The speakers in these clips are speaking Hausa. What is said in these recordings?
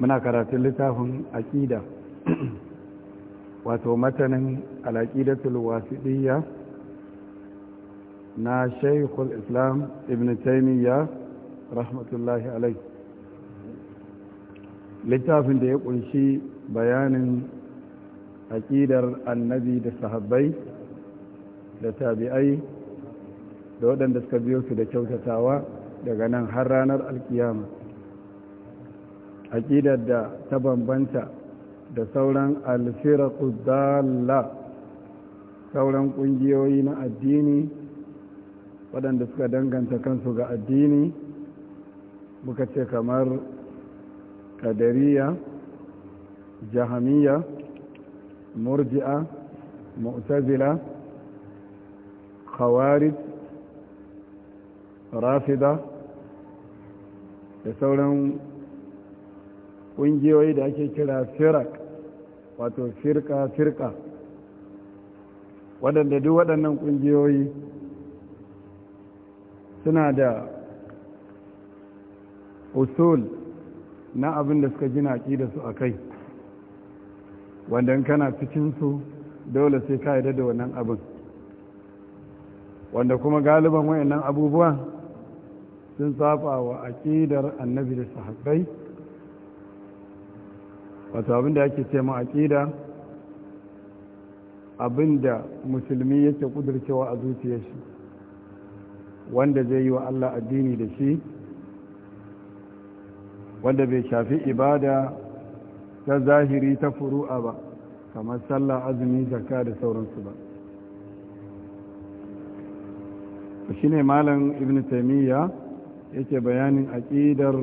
muna karatun littafin aƙida wato matanin al'aƙidatul wasiɗiyya na shaikul islam ibn taimiyya rahmatullahi alai littafin da ya ƙunshi bayanin aƙidar annabi da sahabbai da tabi'ai da waɗanda suka biyo su da kyautatawa daga nan har ranar alkiyama aƙidar da ta bambanta da sauran alfiraku dalla sauran ƙungiyoyi na addini waɗanda suka danganta kansu ga addini muka ce kamar ƙadariya jahamiya murji'a mu'tazila khawarij rafida da sauran ƙungiyoyi da ake kira firak wato firka-firka waɗanda duk waɗannan ƙungiyoyi suna da usul na abin da suka gina da su a kai wanda kana cikinsu dole sai ka yi da wannan abin wanda kuma galiban wayannan abubuwa sun safa wa aƙidar annabi da sahabbai wato abinda yake ce ma aƙida abinda musulmi yake kudurcewa a zuciyar shi wanda zai yi wa Allah addini da shi wanda bai shafi ibada ta zahiri ta furu'a ba kamar sallah azumi zakka da sauransu ba shi ne malam ibn taimiyya yake bayanin aƙidar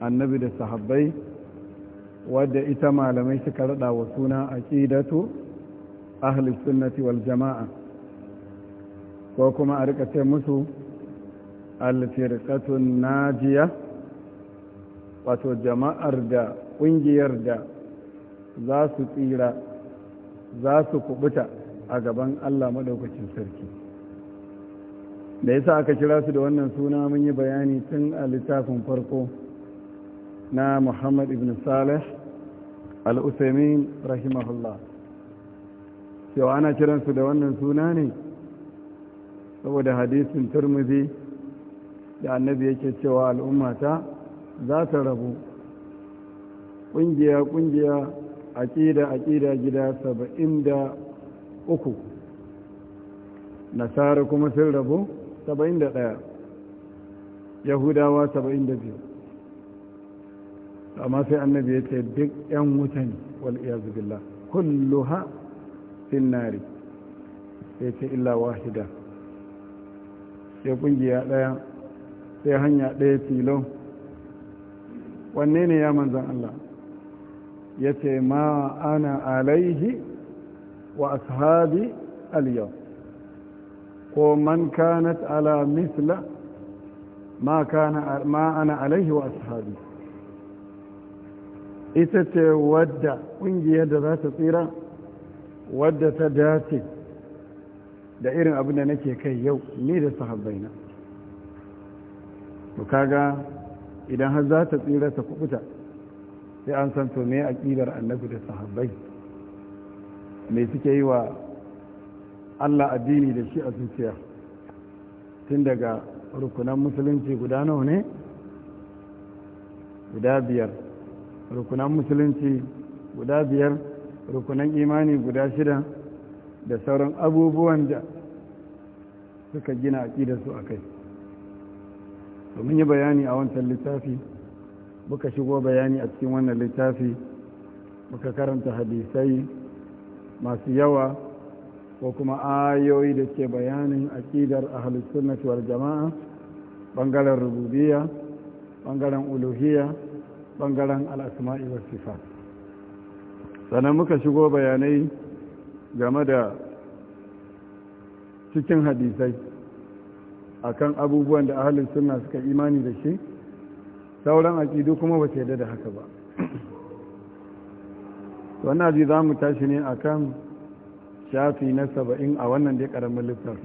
annabi da sahabbai wadda ita malamai suka rada wa suna ƙidatu ahli sunnati wal jama'a ko kuma a rika ce musu alfirkatun najiya wato jama'ar da ƙungiyar da za su tsira za su kubuta a gaban Allah maɗaukacin sarki da yasa aka kira su da wannan suna mun yi bayani tun a littafin farko na muhammad ibn salih al'usaimin rahimahullah cewa ana kiransu da wannan suna ne saboda hadisin turmuzi da annabi yake cewa al'ummata za ta rabu ƙungiya ƙungiya aƙida ƙida gida saba'in da uku nasara kuma sun rabu saba'in da ɗaya yahudawa saba'in da biyu amma sai annabi ya ce duk 'yan wutan ne wal'iyazu billah kulluha fin ya ce illa wahida sai kungiya ɗaya sai hanya ɗaya tilo wanne ne ya manzan Allah ya ce ma ana alaihi wa ashabi aliyau ko man kanat ala misla ma ana alaihi wa ashabi ita ce wadda ƙungiyar da za ta tsira wadda ta dace da irin abin da nake kai yau ni da sahabbaina to kaga idan har za ta tsira ta kubuta sai an san to me aqidar annabi da sahabbai me suke yi wa Allah addini da shi a zuciya tun daga rukunan musulunci guda nawa ne guda biyar rukunan musulunci guda biyar rukunan imani guda shida da sauran abubuwan da suka gina su a kai domin yi bayani a wancan littafi muka shigo bayani a cikin wannan littafi muka karanta hadisai masu yawa ko kuma ayoyi da ke bayanin aƙidar a wal jama'a ɓangaren rububiya ɓangaren uluhiyya ɓangaren al'asma'i wa sifa sannan muka shigo bayanai game da cikin hadisai akan abubuwan da ahalin suna suka imani da shi sauran aƙidu kuma ba yadda da haka ba wannan ji za mu tashi ne akan shafi na saba'in a wannan ya ƙaramin littar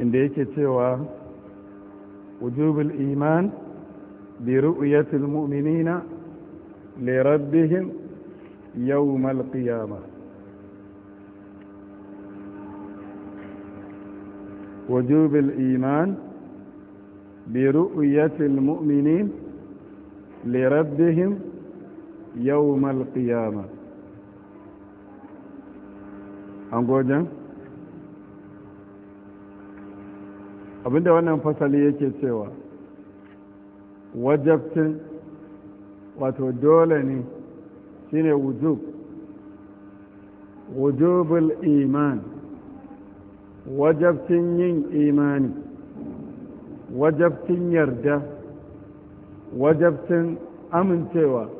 inda yake cewa wujubul iman biru'yati almu'minina li rabbihim yauma alqiyama wujub aliman biru'yati almu'minin li rabbihim yauma alqiyama angojan abinda wannan fasali yake cewa wajabcin wato dole ne shine wujub wujubul iman wajabcin yin imani wajabcin yarda wajabcin amincewa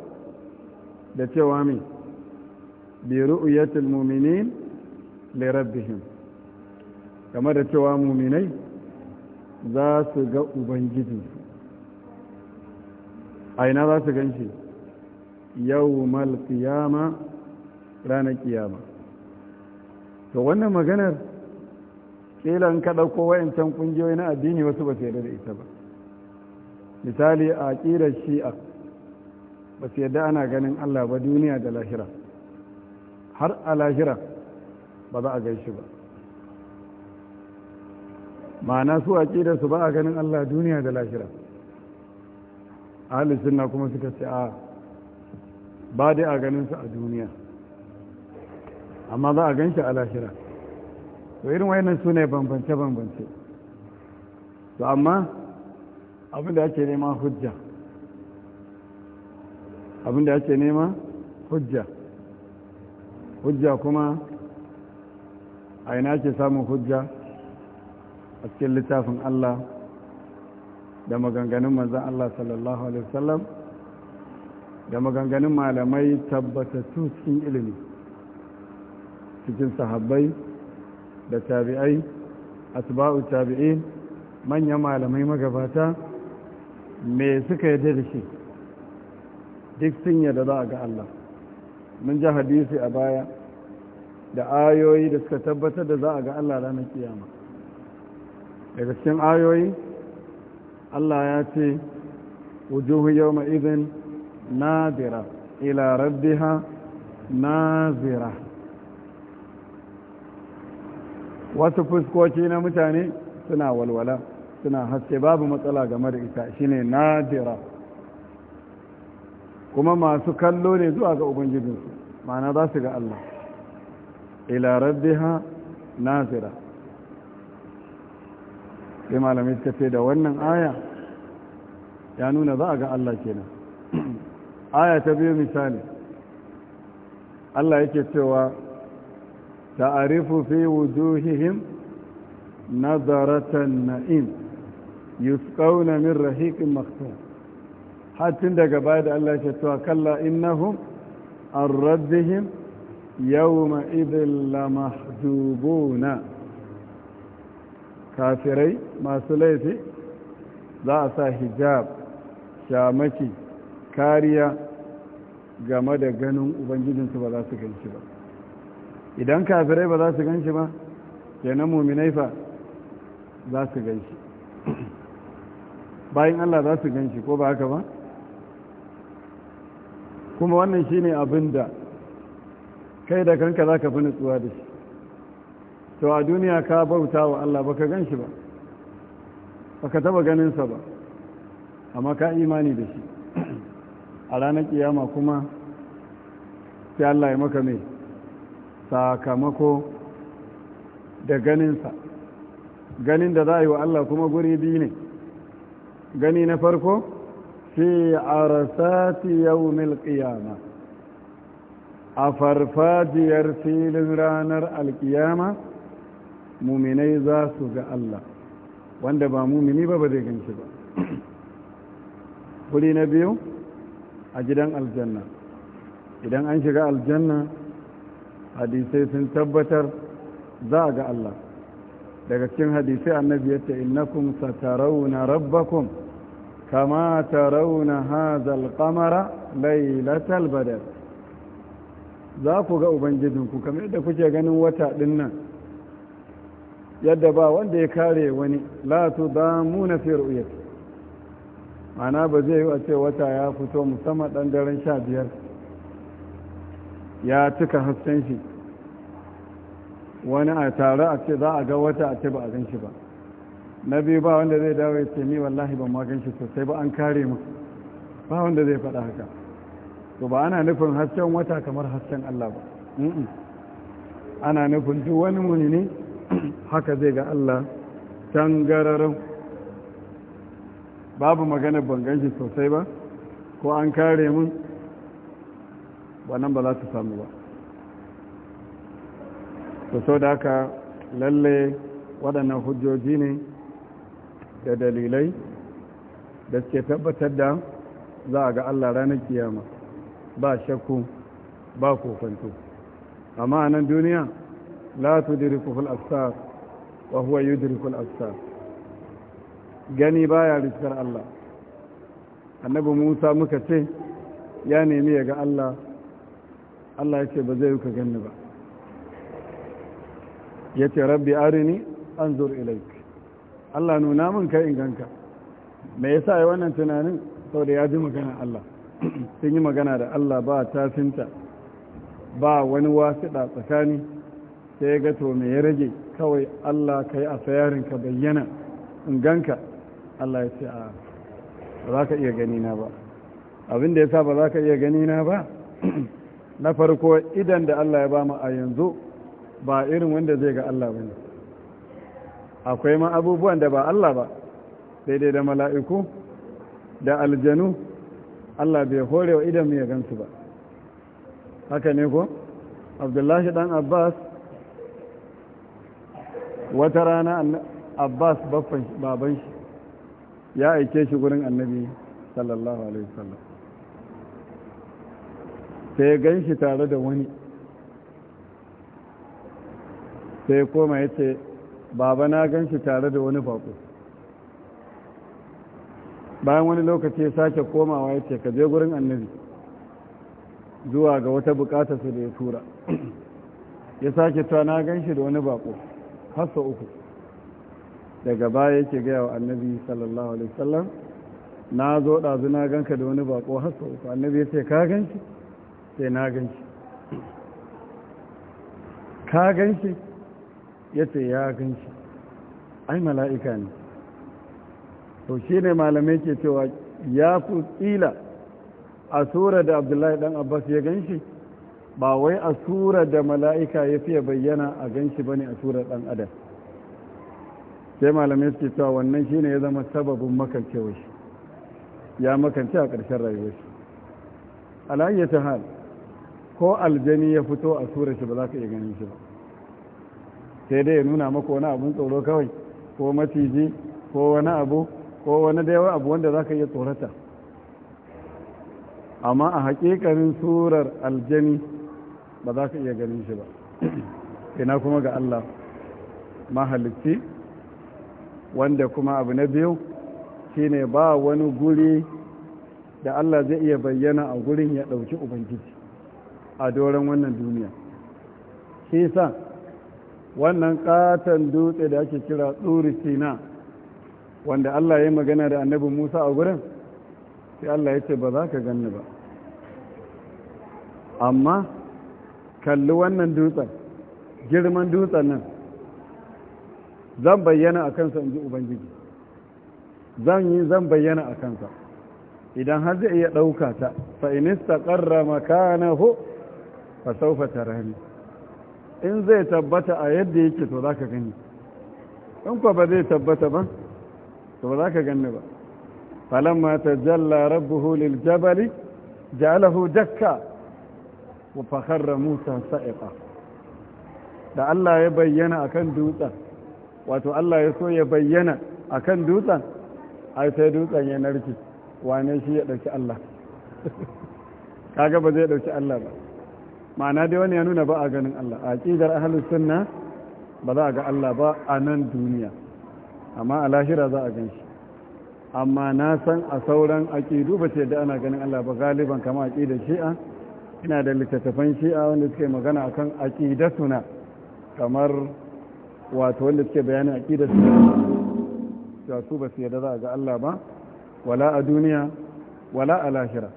da cewa mai bi ru'yatul mu'minin li rabbihim kamar da cewa muminai za su ga ubangiji a ina za su gan shi yau malkiyama ranar kiyama to wannan maganar ƙilan ka ɗauko can ƙungiyoyi na addini wasu ba su yarda da ita ba misali a ƙirar shi'a ba su yarda ana ganin allah ba duniya da lahira har a lahira ba za a gaishe ba ma'ana su a ƙirar su ba a ganin allah duniya da lahira ahalin na kuma suka ce a ba dai a ganin su a duniya amma za a gan shi a lashira to irin wani su ne bambance-bambance to amma abinda ce nema hujja abinda ce nema hujja hujja kuma a ina ce samun hujja a cikin littafin Allah da maganganun manzan Allah sallallahu alaihi wasallam da maganganun malamai tabbatattu cikin ilimi cikin sahabbai da tabi'ai asba'u tabi'in manyan malamai magabata me suka yi da shi duk sun da za a ga Allah mun ji hadisi a baya da ayoyi da suka tabbatar da za a ga Allah ranar kiyama daga cikin ayoyi Allah ya ce wujuhu izin na zira ila rabbiha nazira wasu fuskoki na mutane suna walwala suna haske babu matsala game da ita shine zira kuma masu kallo ne zuwa ga ubangijinsu ma'ana za su ga Allah ila rabbiha nazira sai malamai suka ce da wannan aya ya nuna za a ga Allah kenan aya ta biyu misali Allah yake cewa ta'arifu fi wujuhihim nazaratan na'im yusqawna min rahiqin maktum hatin daga baya da Allah yake cewa kalla innahum an rabbihim yawma idhil lamahjubuna kafirai masu laifi za a sa hijab shamaki kariya game da ganin ubangijinsu ba za su ganci ba idan kafirai ba za su ganci ba kenan muminai fa za su ganci bayan allah za su ganci ko ba haka ba kuma wannan shine abin da kai da kanka za ka fi nutsuwa da shi to a duniya ka bauta wa Allah baka gan shi ba baka taba ganinsa ba amma ka imani da shi a ranar kiyama kuma sai Allah ya maka mai sakamako da ganinsa ganin da za a yi wa Allah kuma guri biyu ne gani na farko fi arasati yawmil qiyama a farfajiyar filin ranar alkiyama muminai za su ga Allah wanda ba mumini ba ba zai ganshi ba wuri na biyu a gidan aljanna idan an shiga aljanna hadisai sun tabbatar za a ga Allah daga cikin hadisai annabi yace innakum satarawna rabbakum kama tarawna hadha al laylatal badr za ku ga ubangijinku kamar yadda kuke ganin wata dinnan yadda ba wanda ya kare wani la tu damuna fi ru'yati ma'ana ba zai yi a ce wata ya fito musamman dan daren sha biyar ya cika hasken shi wani a tare a ce za a ga wata a ce ba a gan shi ba na biyu ba wanda zai dawo ya ce ni wallahi ban ma gan shi sosai ba an kare mu ba wanda zai faɗa haka to ba ana nufin hasken wata kamar hasken Allah ba ana nufin duk wani muni ne haka zai ga Allah tangararan babu magana bangan shi sosai ba ko an kare mun wannan ba za su samu ba to so da haka lalle waɗannan hujjoji ne da dalilai da suke tabbatar da za a ga Allah ranar kiyama ba shakku ba kofanto amma a nan duniya la tudrikuhu al-absar wa huwa yudrikul absar gani baya riskar Allah annabi Musa muka ce ya nemi ya ga Allah Allah ya ce ba zai ka ganni ba ya ce rabbi arini anzur ilaik Allah nuna min kai in ganka me yasa ya wannan tunanin saboda ya ji magana Allah sun yi magana da Allah ba tafinta ba wani wasiɗa tsakani sai ya ga to me ya rage kawai Allah ka yi a sayarin ka bayyana in ganka Allah ya ce a ba za ka iya gani na ba abin da ya sa ba za ka iya gani ba na farko idan da Allah ya ba mu a yanzu ba irin wanda zai ga Allah ba ne akwai ma abubuwan da ba Allah ba daidai da mala'iku da aljanu Allah bai horewa idan mu ya gansu ba haka ne ko abdullahi dan abbas wata rana abbas baban shi ya aike shi gurin annabi sallallahu alaihi wasallam sai gan shi tare da wani sai koma ya ce baba na gan shi tare da wani bako bayan wani lokaci ya sake komawa ya ce ka je gurin annabi zuwa ga wata bukatarsa da ya tura ya sake cewa na gan shi da wani bako har uku daga baya yake gaya wa annabi sallallahu alaihi wasallam na zo ɗazu na ganka da wani bako har uku annabi ya ce ka ganshi sai na ganshi ka ganshi ya ce ya ganshi ai mala'ika ne to shi ne malamai ke cewa ya fi tsila a sura da abdullahi dan abbas ya ganshi ba wai a tura da mala'ika ya fiye bayyana a ganshi bane a tura ɗan adam sai malamai suke cewa wannan shi ne ya zama sababin makancewa shi ya makance a ƙarshen rayuwar shi ta hal ko aljani ya fito a tura shi ba za ka iya ganin shi ba sai dai ya nuna maka wani abun tsoro kawai ko maciji ko wani abu ko wani yawa abu wanda za ka iya tsorata amma a haƙiƙanin surar aljani ba za ka iya ganin shi ba ina kuma ga Allah mahalicci wanda kuma abu na biyu shine ba wani guri da Allah zai iya bayyana a gurin ya ɗauki ubangiji a doron wannan duniya shi sa wannan katon dutse da ake kira tsuri sina wanda Allah ya magana da annabi Musa a gurin sai Allah ya ce ba za ka ganni ba amma kalli wannan dutsen girman dutsen nan zan bayyana a kansa in ji ubangiji zan yi zan bayyana a kansa idan har zai iya ɗauka ta fa'inista ƙarra ho, fa saufa tarani in zai tabbata a yadda yake to za ka gani in kwa ba zai tabbata ba to ba za ka gani ba falamma ta jalla rabbuhu lil jabali ja'alahu dakka wa fakharra musa sa'iqa da Allah ya bayyana akan dutsen wato Allah ya so ya bayyana akan dutsen ai sai dutsen ya narki wane shi ya dauki Allah kaga ba zai dauki Allah ba ma'ana dai wani ya nuna ba a ganin Allah a aqidar ahlus sunna ba za a ga Allah ba a nan duniya amma a lahira za a gan shi amma na san a sauran aƙidu ba ce da ana ganin Allah ba galiban kamar aƙidar shi'a ina da littattafan shi'a wanda suke magana akan suna kamar wato wanda suke bayanin aqidatuna cewa su ba su yarda za a ga Allah ba wala a duniya wala a lahira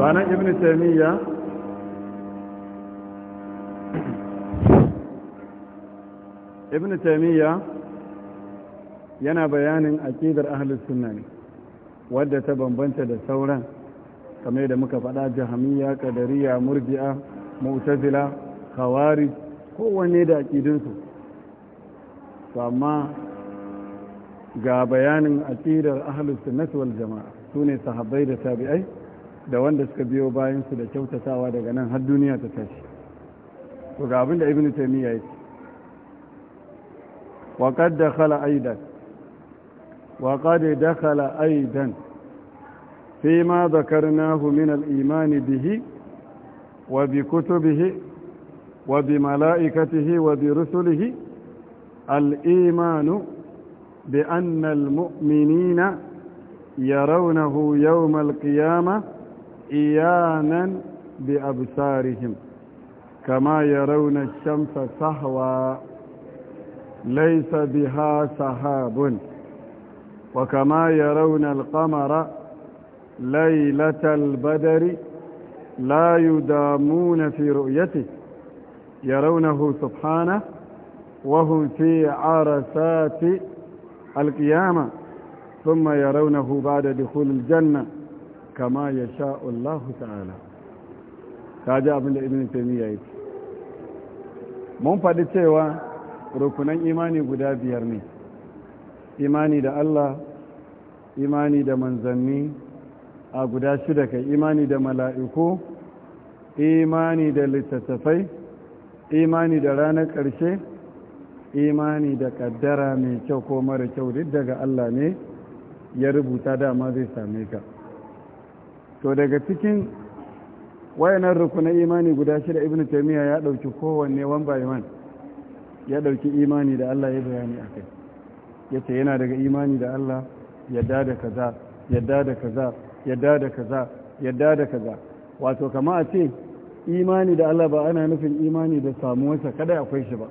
Sanan ibn taymiya ibn taymiya yana bayanin akidar ahlus sunna ne wadda ta bambanta da sauran kamar da muka faɗa jahamiya kadariya murji'a mu'tazila khawarij kowanne da aƙidinsu su amma ga bayanin aƙidar ahlus sunnati wal jama'a sune sahabbai da tabi'ai da wanda suka biyo bayan su da kyautatawa daga nan har duniya ta tashi to ga abin da ibn taymiya yake wa qad dakhala aidan wa qad dakhala aidan فيما ذكرناه من الإيمان به وبكتبه وبملائكته وبرسله الإيمان بأن المؤمنين يرونه يوم القيامة إيانا بأبصارهم كما يرون الشمس سهوا ليس بها سحاب وكما يرون القمر ليلة البدر لا يدامون في رؤيته يرونه سبحانه وهم في عرسات القيامة ثم يرونه بعد دخول الجنة كما يشاء الله تعالى kaji من ابن تيمية من yake mun faɗi إيماني rukunan بيرني إيماني دا الله إيماني دا Allah a guda shida kai imani da mala'iku imani da littattafai imani da ranar ƙarshe imani da ƙaddara mai kyau ko mara kyau duk daga Allah ne ya rubuta dama zai same ka to daga cikin wayanar rukunan imani guda shida ibn taimiyya ya ɗauki kowanne one by one ya ɗauki imani da Allah ya bayani a kai ya yana daga imani da Allah yadda da kaza yadda da kaza yadda da kaza yadda da kaza wato kama a ce imani da Allah ba ana nufin imani da samuwarsa kada akwai shi ba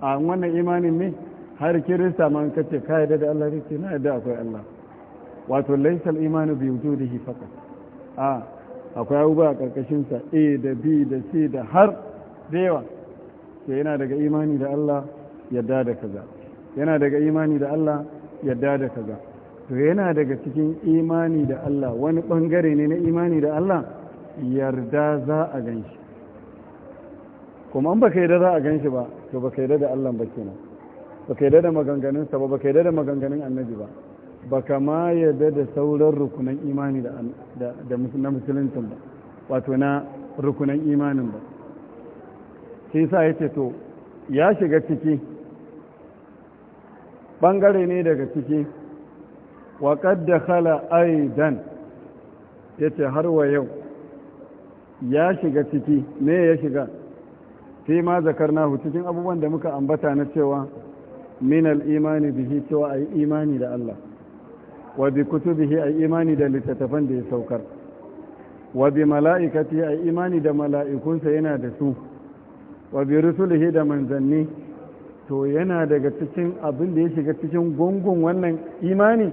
a wannan imanin ne har kirista ma an kace ka yadda da Allah ne na yadda akwai Allah wato laysal imanu bi wujudihi faqat a akwai abubuwa a karkashin sa a da b da c da har da yawa to yana daga imani da Allah yadda da kaza yana daga imani da Allah yadda da kaza to yana daga cikin imani da Allah wani bangare ne na imani da Allah yarda za a gan shi kuma an baka yarda za a gan shi ba to baka yi da Allah ba kenan baka yarda da maganganunsa ba baka yi da maganganun annabi ba baka ma yarda da sauran rukunan imani da na musuluncin ba wato na rukunan imanin ba sai sa ya ce to ya shiga ciki bangare ne daga ciki wa da khala aidan ya ce har wa yau ya shiga ciki ne ya shiga fi ma nahu cikin abubuwan da muka ambata na cewa minal al-imani bihi cewa a imani da Allah wa bi kutubihi ayi imani da littattafan da ya saukar wa bi mala'ikati ayi imani da mala'ikunsa yana da su wa bi rusulihi da manzanni to yana daga cikin abin da ya shiga cikin gungun wannan imani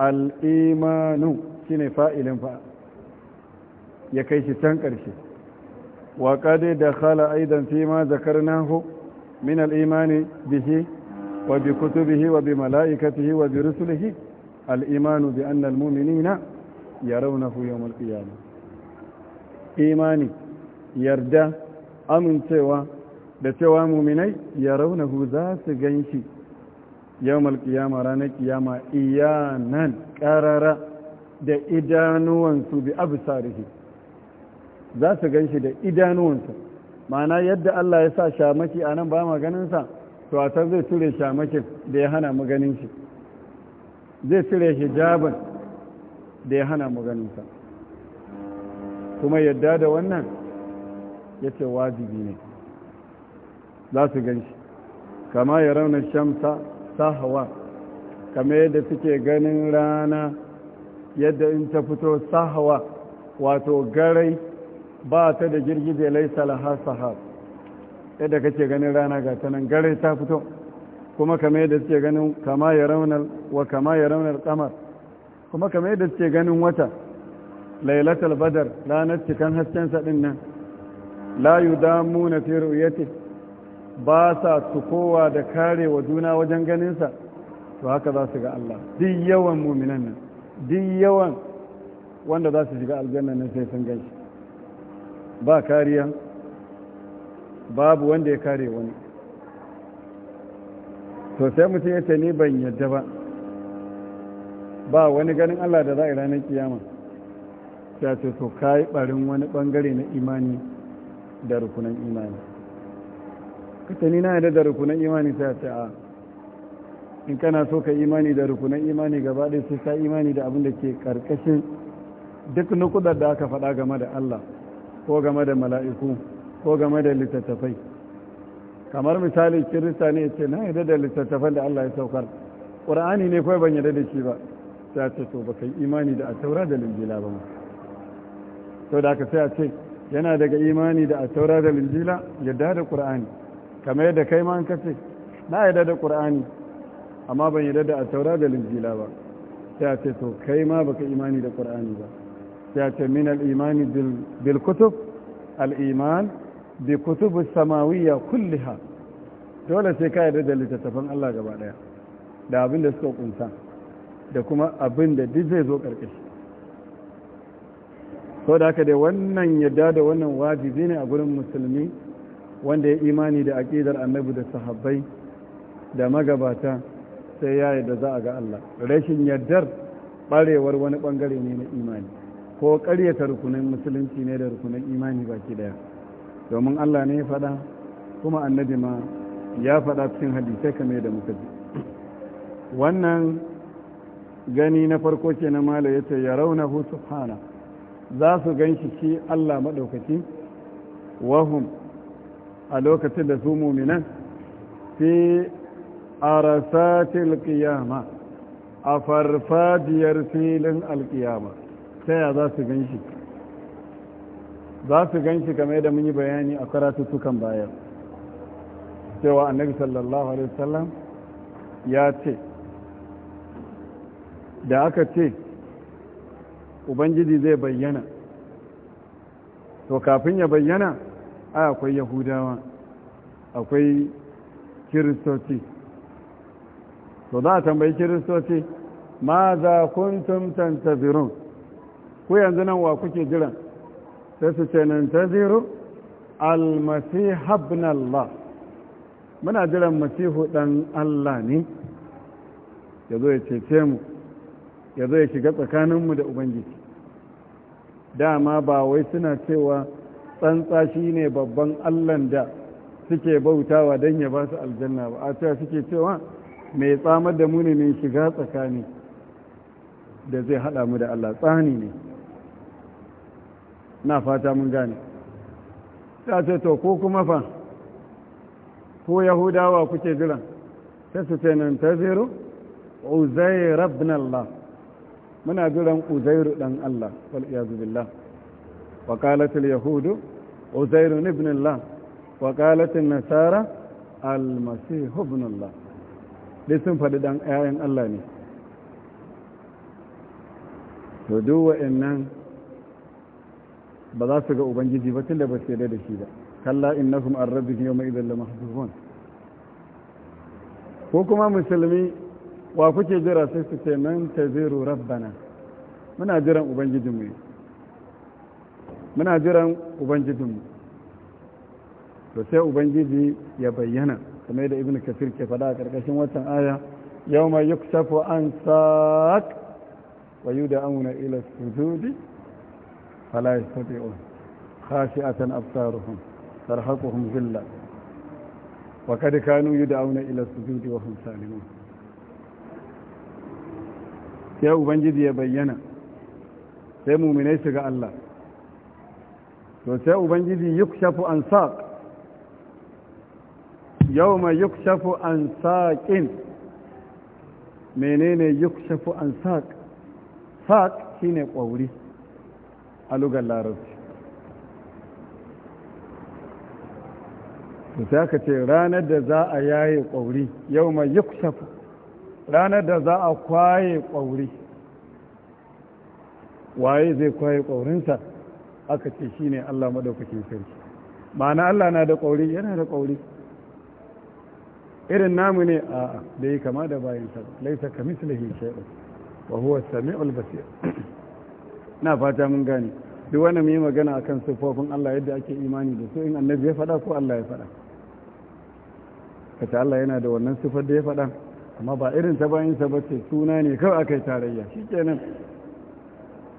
al'imanu shi ne fa'ilin fa'a ya kai shi can ƙarshe ƙade da khala aidan fi ma zakar nahu min al'imani bihi wa bi bihi wa bi mala'ikatihi wa bi rusulihi al'imanu bi annal muminina ya raunahu yawon al'iyama imani yarda amincewa da cewa muminai ya raunahu za su gan shi yawmal qiyama ranar kiyama iyanan qarara da idanuwansu bi absarihi za su ganshi da idanuwansu ma'ana yadda Allah ya sa shamaki anan ba ma ganin sa to a san zai ture shamakin da ya hana mu shi zai ture hijabin da ya hana mu sa kuma yadda da wannan yace wajibi ne za su ganshi kama ya raunar shamsa sahwa kamar yadda suke ganin rana yadda in ta fito sahwa wato garai ba ta da girgije laisa laha sahab yadda kake ganin rana ga ta nan garai ta fito kuma kamar yadda suke ganin kama ya raunar wa kama ya raunar kamar kuma kamar yadda suke ganin wata lailatul badar ranar cikan hasken sa din nan la yudamuna fi ru'yatihi ba sa tukowa da karewa juna wajen ganinsa to haka za su ga Allah duk yawan muminan nan duk yawan wanda za su shiga aljanna nan sai sun gaishe ba kariya babu wanda ya kare wani to sai mutum ya ce ni ban yadda ba ba wani ganin Allah da za a ranar kiyama sai ce to kai barin wani bangare na imani da rukunan imani kace ni na yadda da rukunan imani sai a ce a in kana so ka imani da rukunan imani gaba ɗaya sai ka imani da abin da ke karkashin duk nukudar da aka faɗa game da Allah ko game da mala'iku ko game da littattafai kamar misali kirista ne ce na yadda da littattafan da Allah ya saukar ƙur'ani ne kawai ban yadda da shi ba sai ce to ba kai imani da a taura da linjila ba ma to da aka sai a ce yana daga imani da a taura da linjila yadda da ƙur'ani kamar yadda kai ma ka ce na yadda da qur'ani amma ban yarda da at-taura da linjila ba sai a ce to kai ma baka imani da qur'ani ba sai a ce min al-imani bil kutub al-iman bi kutub as-samawiyya kulliha dole sai ka yarda da littattafan Allah gaba daya da abin da suka kunsa da kuma abin da duk zai zo karkashi sau da haka dai wannan yadda da wannan wajibi ne a gurin musulmi wanda ya imani da aƙidar annabi da sahabbai da magabata sai ya da za a ga Allah rashin yardar ɓarewar wani ɓangare ne na imani ko ƙaryata rukunin musulunci ne da rukunin imani baki daya domin Allah ne ya faɗa kuma annabi ma ya faɗa cikin hadisai kamar da muka ji wannan gani na farko ke na mala ya ce ya rauna subhana za su gan shi shi Allah maɗaukaki wahum a lokacin da su muminan fi arasatil alkiyama a farfajiyar filin alkiyama ta ya za su gan shi za su gan shi kamar yadda mun yi bayani a karatu karatuttukan baya cewa annabi sallallahu alaihi wasallam ya ce da aka ce ubangiji zai bayyana to kafin ya bayyana ai akwai yahudawa akwai kiristoci to za a tambayi kiristoci ma za kuntum tantazirun ku yanzu nan wa kuke jiran sai su ce nan taziru almasih Allah muna jiran masihu dan Allah ne ya zo ya cece mu ya zo ya shiga tsakaninmu da ubangiji dama ba wai suna cewa tsantsa shi ne babban allan da suke bautawa don ya ba su aljanna ba a cewa suke cewa mai tsamar da muni ne mai shiga tsakani da zai haɗa mu da allah tsani ne na fata mun gane ta ce to ko kuma fa ko yahudawa kuke jira ta su ce nan ta zero uzairu ibn allah muna jiran uzairu dan allah wal iyazu billah وقالت اليهود عزير ابن الله وقالت النصارى المسيح ابن الله dai sun faɗi ɗan ‘ya'yan Allah ne to duk wa'annan ba za su ga ubangiji ba tunda ba su da shi ba kalla innahum an rabbi yau mai idan lama ko kuma musulmi wa kuke jira sai su ce nan ta rabbana muna jiran ubangijinmu ne muna jiran ubangijinmu to sai ubangiji ya bayyana kamar da ibn kafir ke fada a ƙarƙashin watan aya yau mai yi an saƙ wa yi da amuna ila sujudi fala ya sabi on kashi a tan absaruhun sarhaƙuhun zilla wa kada kanu yi da amuna ila sujudi wa hun salimun sai ubangiji ya bayyana sai muminai su ga Allah to sai ubangiji yukshafu an yawma yukshafu ansaqin menene yukshafu ansaq saq saq shine kwauri a lugar larabci to sai aka ce ranar da za a yaye kwauri yawma yukshafu ranar da za a kwaye kwauri waye zai kwaye kwaurinsa aka ce shi ne Allah maɗaukakin sarki ma'ana Allah na da ƙauri yana da ƙauri irin namu ne a da yi kama da bayan sa laisa ka mislihi shay'un wa huwa sami'ul basir na fata mun gane duk wanda mu yi magana akan sufofin Allah yadda ake imani da su in annabi ya faɗa ko Allah ya faɗa kace Allah yana da wannan sifar da ya faɗa amma ba irin ta bayan sa ce suna ne kawai akai tarayya shikenan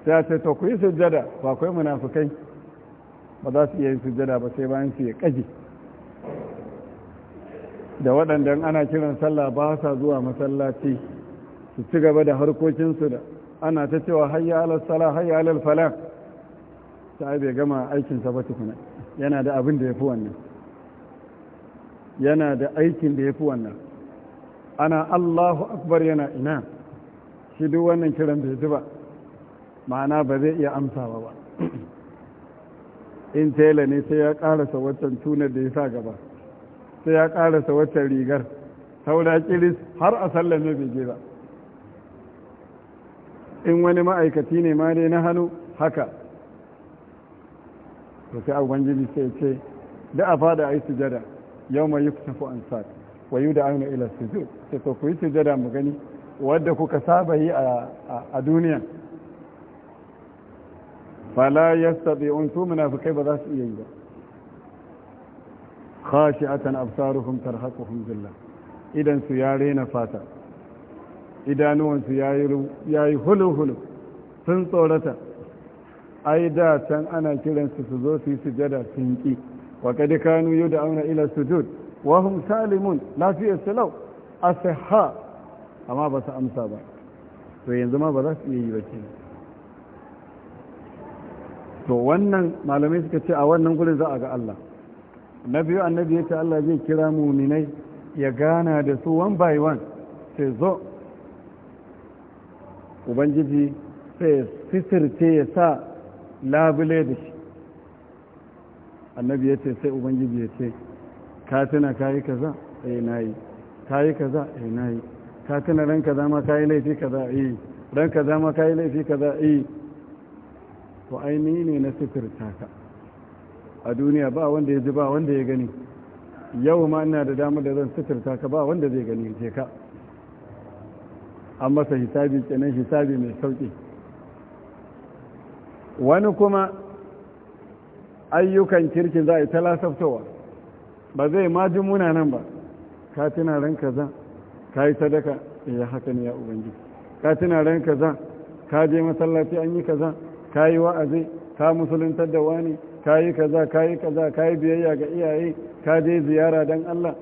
sai ce to ku yi sujjada ba kai munafukai ba za su iya yin sujjada ba sai bayan su ya kaji da waɗanda ana kiran sallah ba sa zuwa masallaci su ci gaba da harkokinsu da ana ta cewa hayya alal sala hayya alal falah ta bai gama aikinsa ba tukuna yana da abin da ya wannan yana da aikin da yafi fi wannan ana allahu akbar yana ina shi duk wannan kiran bai ji ba ma'ana ba zai iya amsawa ba in tela ne sai ya karasa waccan tunar da ya sa gaba sai ya karasa waccan rigar saura kiris har a sallame bai je ba in wani ma'aikaci ne ma dai na hannu haka to sai ubangiji sai ce da a fada a yi sujada yau mai yi an sa wa yi da ila sujud sai to ku yi sujada mu gani wadda kuka saba yi a duniya fala yastabi'un su munafikai ba za su iya yi ba khashi'atan absaruhum tarhaquhum zilla idan su ya rena fata idanuwan su yayi yayi hulu hulu sun tsorata ai da can ana kiransu su zo su yi sujada sun ki wa kad kanu yud'auna ila sujud wa hum salimun lafiyar salau asihha amma ba su amsa ba to yanzu ma ba za su iya yi ba kenan to wannan malamai suka ce a wannan gudun za a ga Allah na biyu annabi ya ce Allah zai kira muminai ya gana da su one by one sai zo ubangiji sai sitirce ya sa labule da shi annabi ya ce sai ubangiji ya ce ka tuna ka yi kaza yi eh, na yi ka yi kaza yi eh, na yi ka tuna ranka kaza ma ka yi laifi kaza eh ran kaza ma ka yi laifi kaza eh to aini ne na suturta ka a duniya ba wanda ya ji ba wanda ya gani yau ma ina da damar da zan suturta ka ba wanda zai gani je ka an masa hisabi kenan hisabi mai sauƙi wani kuma ayyukan kirkin za a yi ta lasaftowa ba zai ma ji munanan ba ka tuna ran za ka yi sadaka ya eh, haka ne ya ubangiji ka tuna ran za ka je masallaci an yi kaza ka yi wa'azi ka musuluntar da wani ka yi kaza ka yi kaza ka yi biyayya ga iyaye ka je ziyara don Allah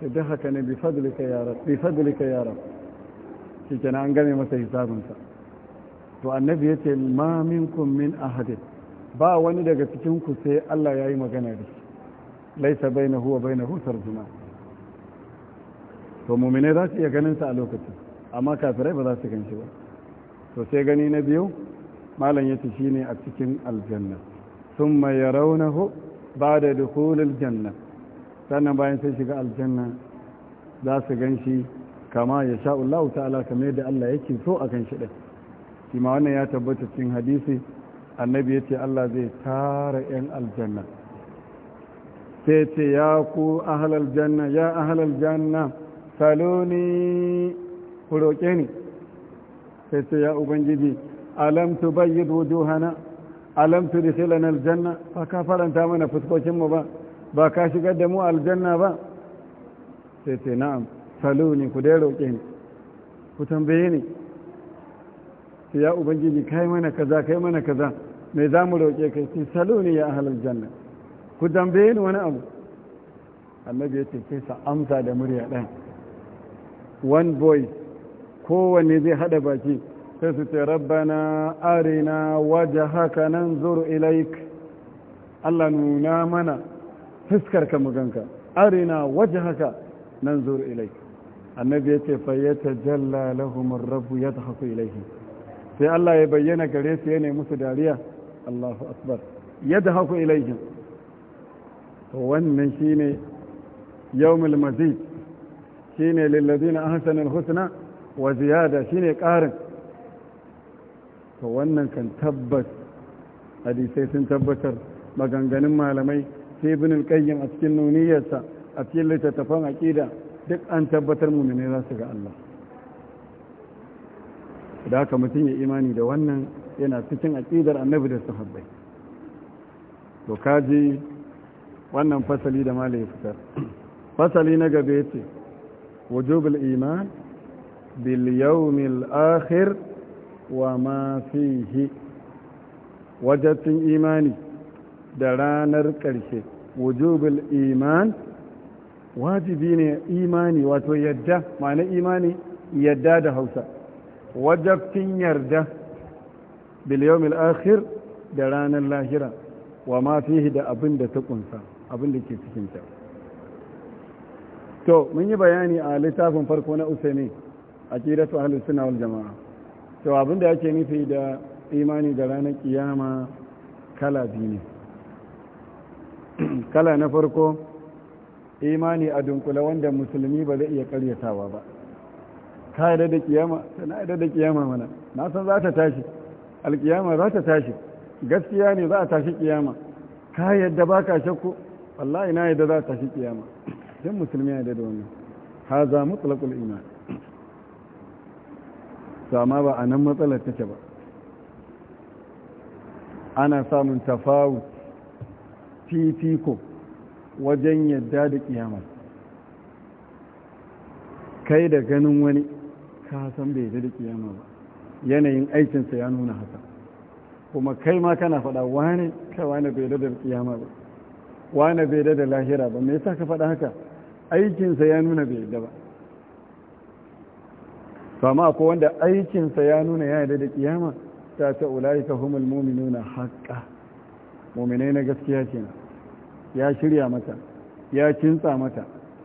da duk haka ne bi fadlika ya rab shi an game masa hisabinsa to annabi ya ce ma minkum min ahadin ba wani daga cikin ku sai Allah ya yi magana da shi laisa bai na bainahu tarjuma to mu'mine za su iya ganin sa a lokacin amma kafirai ba za su gan shi ba to sai gani na biyu malam yace shine a cikin aljanna thumma yarawnahu ba'da dukhulil janna sannan bayan sai shiga aljanna za su ganshi kama ya sha Allah ta'ala kamar yadda Allah yake so a kan shi din shi wannan ya tabbata cikin hadisi annabi yace Allah zai tara yan aljanna sai ce ya ku ahlal janna ya ahlal janna saloni ku roƙe ni sai ce ya ubangiji Alamtu bai yi ruhu, Dohana. Alamtu da shi ne nan janna, ba ka faranta mana fuskokinmu ba? Ba ka shigar da mu aljanna ba? Saitai na'amu. Salo ne ku da ya roƙe ni. Ku tambaye ni. Saita ya uban kai mana kaza, kai mana kaza. Me za mu roƙe kai? Saita na ya halar can. Ku tambaye ni wani abu. Amadu ya ce, kai sa amsa da murya ɗaya. Wan boy, kowanne zai haɗa baki. sai su ce rabbana arina waje haka nan zuru ilaik Allah nuna mana fuskarka muganka arina waje haka nan zuru ilaik annabi ya ce fayyata jalla lahumun rabu ya ta haku ilaihi sai Allah ya bayyana gare su ya su dariya Allahu akbar ya ta haku ilaihi wannan shine yawmul mazid shine lillazina ahsanul husna wa ziyada shine ƙarin to wannan kan tabbas hadisai sun tabbatar maganganun malamai sai ibn al a cikin nuniyarsa a cikin littattafan aqida duk an tabbatar mu ne za su ga Allah da haka mutum ya imani da wannan yana cikin aqidar annabi da sahabbai to kaji wannan fasali da malai fitar fasali na gabe ce wujubul iman bil yawmil akhir wa ma fihi wajabcin imani da ranar ƙarshe wujubul iman wajibi ne imani wato yadda ma'ana imani yadda da hausa wajabcin yarda bil yawmil akhir da ranar lahira wa ma fihi da abin da ta kunsa abin da ke cikin to mun yi bayani a littafin farko na usaini aqidatu ahlus sunna wal jamaa to abinda yake nufi da imani da ranar kiyama kala biyu ne kala na farko imani a dunkula wanda musulmi ba zai iya karyatawa ba ka yada da kiyama tana yada da kiyama mana na san za ta tashi alkiyama za ta tashi gaskiya ne za a tashi kiyama ka yadda ba ka shakku wallahi na yadda za a tashi kiyama don musulmi ya yadda da wannan haza mutlaqul iman to amma ba a nan matsalar take ba ana samun tafawut fifiko wajen yadda da kiyama kai da ganin wani ka san bai da kiyama ba yanayin aikinsa ya nuna haka kuma kai ma kana faɗa wani kai wani bai da kiyama ba wani bai da lahira ba me yasa ka faɗa haka aikinsa ya nuna bai da ba sama ko wanda aikinsa ya nuna ya yarda da kiyama ta ta ka humul mu'minuna haqqan mu'minai na gaskiya ce ya shirya mata ya kintsa mata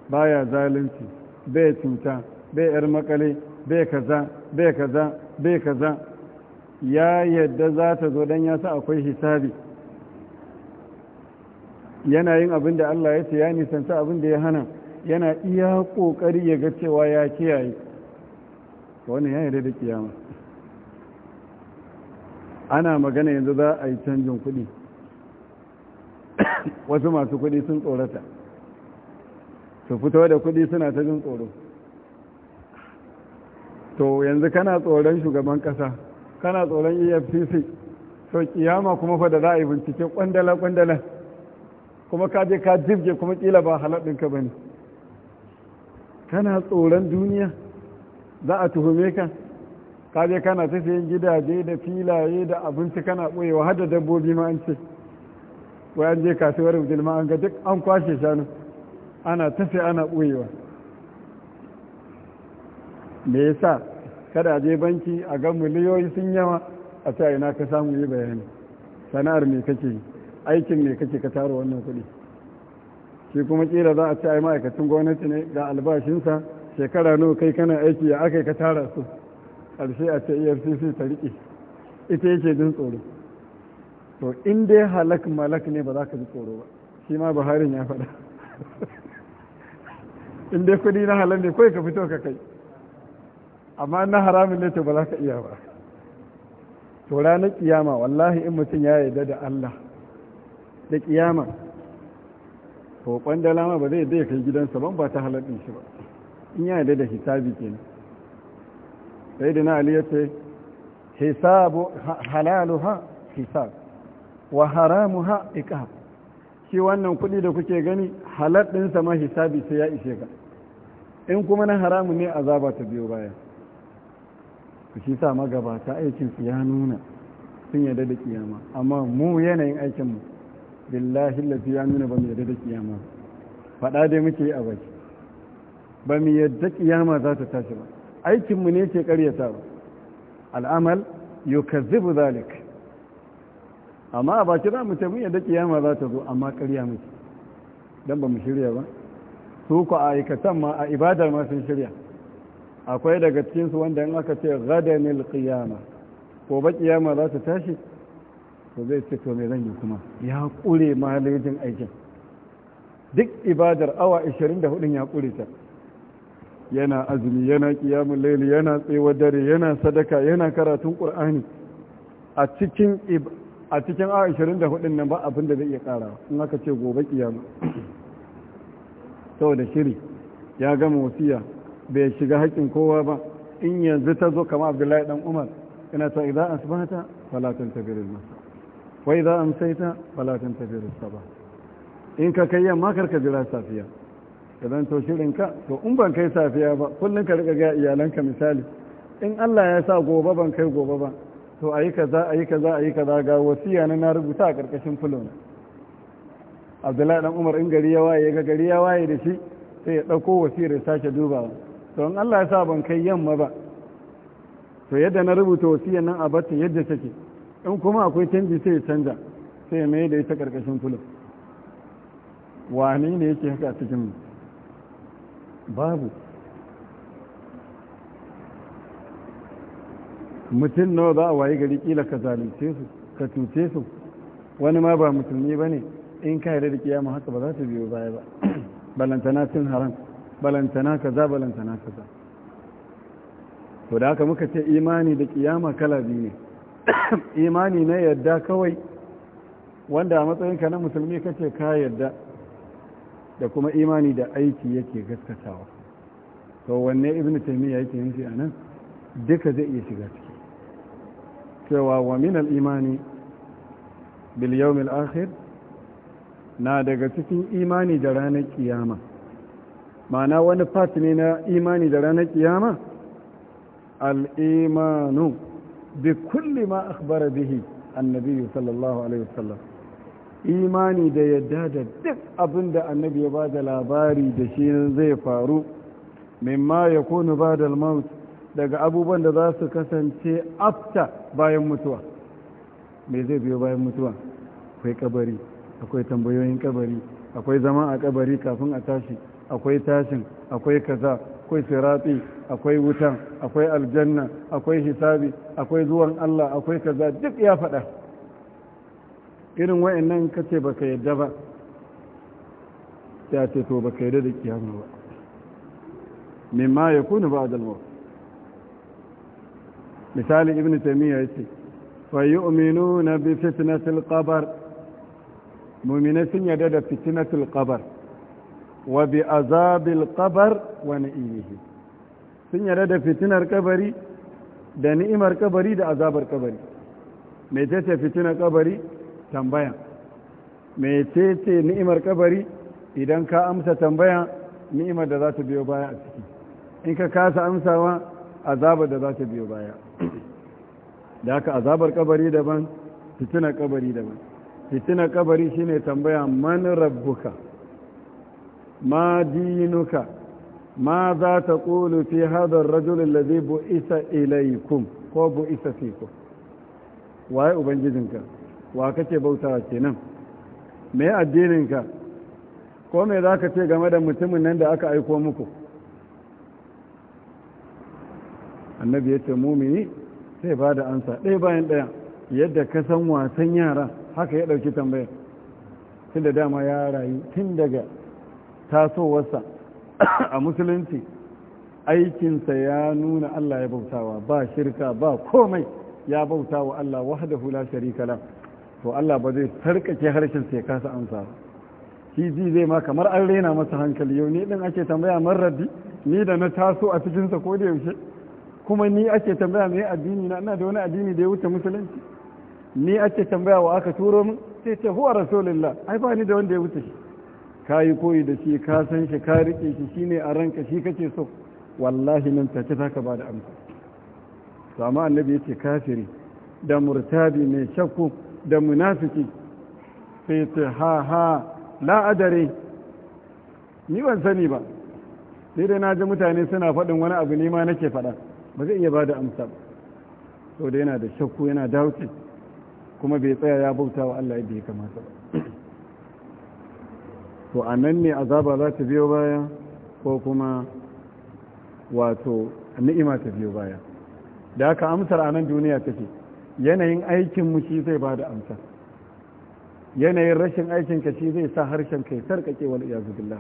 baya zalunci bai cuta bai yar makale bai kaza bai kaza bai kaza ya yadda za ta zo don yasa akwai hisabi yana yin abin da Allah ya ce ya nisanta abin da ya hana yana iya ƙoƙari ya ga cewa ya kiyaye wannan ya yarda da kiyama ana magana yanzu za a yi canjin kuɗi wasu masu kuɗi sun tsorata su fito da kuɗi suna ta jin tsoro to yanzu kana tsoron shugaban ƙasa kana tsoron efcc to kiyama kuma fa da za a yi bincike kwandala-kwandala kuma ka je ka jibge kuma kila ba halar ba ne kana tsoron duniya za a tuhume ka ka je kana ta sayan gidaje da filaye da abinci kana ɓoyewa har da dabbobi ma an ce wai an je kasuwar ma an ga duk an kwashe shanu ana ta sai ana ɓoyewa me yasa kada a je banki a ga miliyoyi sun yawa a ta ina ka samu yi bayani sana'ar me kake aikin me kake ka tara wannan kuɗi shi kuma kila za a ce ai ma'aikacin gwamnati ne ga albashinsa shekara nawa kai kana aiki ya aka ka tara su ƙarshe a ce efcc ta riƙe ita yake jin tsoro to in dai halak malak ne ba za ka ji tsoro ba shi ma buharin ya faɗa in dai kudi na halal ne kawai ka fito ka kai amma na haramin ne to ba za ka iya ba to ranar kiyama wallahi in mutum ya yarda da Allah da kiyama to kwandala ma ba zai zai kai gidansa ban ba ta halal din shi ba in ya yarda da hisabi kenan sai da na ali ya ce hisabu ha hisab wa ha iqab shi wannan kuɗi da kuke gani halal ɗinsa ma hisabi sai ya ishe ka in kuma na haramu ne zaba ta biyo baya ku shi sa magabata aikin su ya nuna sun yarda da kiyama amma mu yanayin aikinmu mu billahi lafi ya nuna ba mu yarda da kiyama faɗa dai muke yi a baki ba mu yadda kiyama za ta tashi ba aikinmu ne ke karyata ba al'amal yukazzibu zalik amma ba ki za mu ce mun yadda kiyama za ta zo amma karya muke don ba mu shirya ba su ku a aikatan ma a ibadar ma sun shirya akwai daga cikinsu wanda in aka ce mil qiyama ko ba kiyama za ta tashi to zai ce to me zan yi kuma ya kure lejin aikin duk ibadar awa 24 ya kure ta yana azumi yana kiyamun laili yana tsewar dare yana sadaka yana karatun ƙur'ani a cikin a cikin awa 24 nan ba abin da zai iya ƙara in aka ce gobe kiyama da shiri ya gama wasiya bai shiga haƙƙin kowa ba in yanzu ta zo kama abdullahi dan umar ina ta idan ta falatan tantabir al-masa za a amsayta falatan ta as-sabah in ka kai yamma karka jira safiya ya to shirinka to in ban kai safiya ba kullum ka riga ga iyalanka misali in Allah ya sa gobe ban kai gobe ba to ayi kaza ayi kaza ayi kaza ga wasiya na na rubuta a karkashin fulon Abdullahi dan Umar in gari ya waye ga gari ya waye da shi sai ya dauko wasiyar ya sake dubawa to in Allah ya sa ban kai yamma ba to yadda na rubuta wasiyar nan a bata yadda take in kuma akwai canji sai ya canja sai ya mai da ita karkashin fulon wani ne yake haka cikin mu babu mutum nawa za a waye gari kila ka zalunce su ka cuce su wani ma ba musulmi ba ne in ka yarda da kiyama haka ba za ta biyo baya ba balantana cin haram balantana za balantana za. to da haka muka ce imani da kiyama kala biyu ne imani na yadda kawai wanda a matsayinka na musulmi kace ka yadda da kuma imani da aiki yake gaskatawa to wanne ibnu taymiya yake shi anan duka zai iya shiga ciki cewa wa min al-imani bil yawm al-akhir na daga cikin imani da ranar kiyama ma'ana wani part ne na imani da ranar kiyama al-imanu bi kulli ma akhbara bihi annabi sallallahu alaihi wasallam imani da yadda da duk abin da annabi ya ba da labari da shi zai faru mimma ya kone ba da almaut daga abubuwan da za su kasance afta bayan mutuwa me zai biyo bayan mutuwa akwai kabari akwai tambayoyin kabari akwai zama a kabari kafin a tashi akwai tashin akwai kaza akwai siratsi akwai wutan akwai aljanna akwai hisabi akwai zuwan allah akwai kaza duk ya faɗa irin wa'annan ka ce ba ka yadda ba ya ce to ba ka yadda da kiyama ba mimma ya kuni ba da lawa misali ibn taimiyya ya ce fayi uminu na bi fitnatul qabar mumina sun yadda da fitnatul qabar wa bi azabil qabar wa na'imihi sun yadda da fitinar kabari da ni'imar kabari da azabar kabari mai ce fitinar kabari tambaya ce ni'imar kabari idan ka amsa tambaya ni'imar da za ta biyo baya a ciki in ka kasa amsawa azabar da za ta biyo baya da haka azabar kabari daban fitinar kabari daban fitinar kabari shine tambaya man rabbuka ma dinuka ma za ta ƙulu fi hadar rajulun da zai bu isa ilaikum ko bu isa fikum waye ubangijinka wa kake bautawa kenan me addininka ko me za ka ce game da mutumin nan da aka aiko muku annabi ya ce mumini sai ba da ansa ɗaya bayan ɗaya yadda ka san wasan yara haka ya ɗauki tambayar tun da dama ya rayu tun daga tasowarsa a musulunci aikinsa ya nuna Allah ya bautawa ba shirka ba komai ya bautawa Allah wahdahu la sharika lahu to Allah ba zai sarkake harshen sai kasa amsa shi ji zai ma kamar an rena masa hankali yau ni din ake tambaya man raddi ni da na taso a cikinsa ko da yaushe kuma ni ake tambaya me addini na ina da wani addini da ya wuce musulunci ni ake tambaya wa aka turo min sai ce huwa rasulullah ai ba ni da wanda ya wuce shi ka yi koyi da shi ka san shi ka riƙe shi shine a ranka shi kake so wallahi nan take zaka ba da amsa to amma annabi yace kafiri da murtabi mai shakku da munafiki sai ce ha ha la adare ni ban sani ba sai dai na ji mutane suna faɗin wani abu ne ma nake faɗa ba zai iya ba da amsa ba sau da yana da shakku yana dauki kuma bai tsaya ya bauta wa Allah yadda ya kamata ba to a nan ne azaba za ta biyo baya ko kuma wato ni'ima ta biyo baya da haka amsar a nan duniya take yanayin aikin mu shi zai bada amsa yanayin rashin aikin shi zai sa harshen kai sarkake wani iyazu billah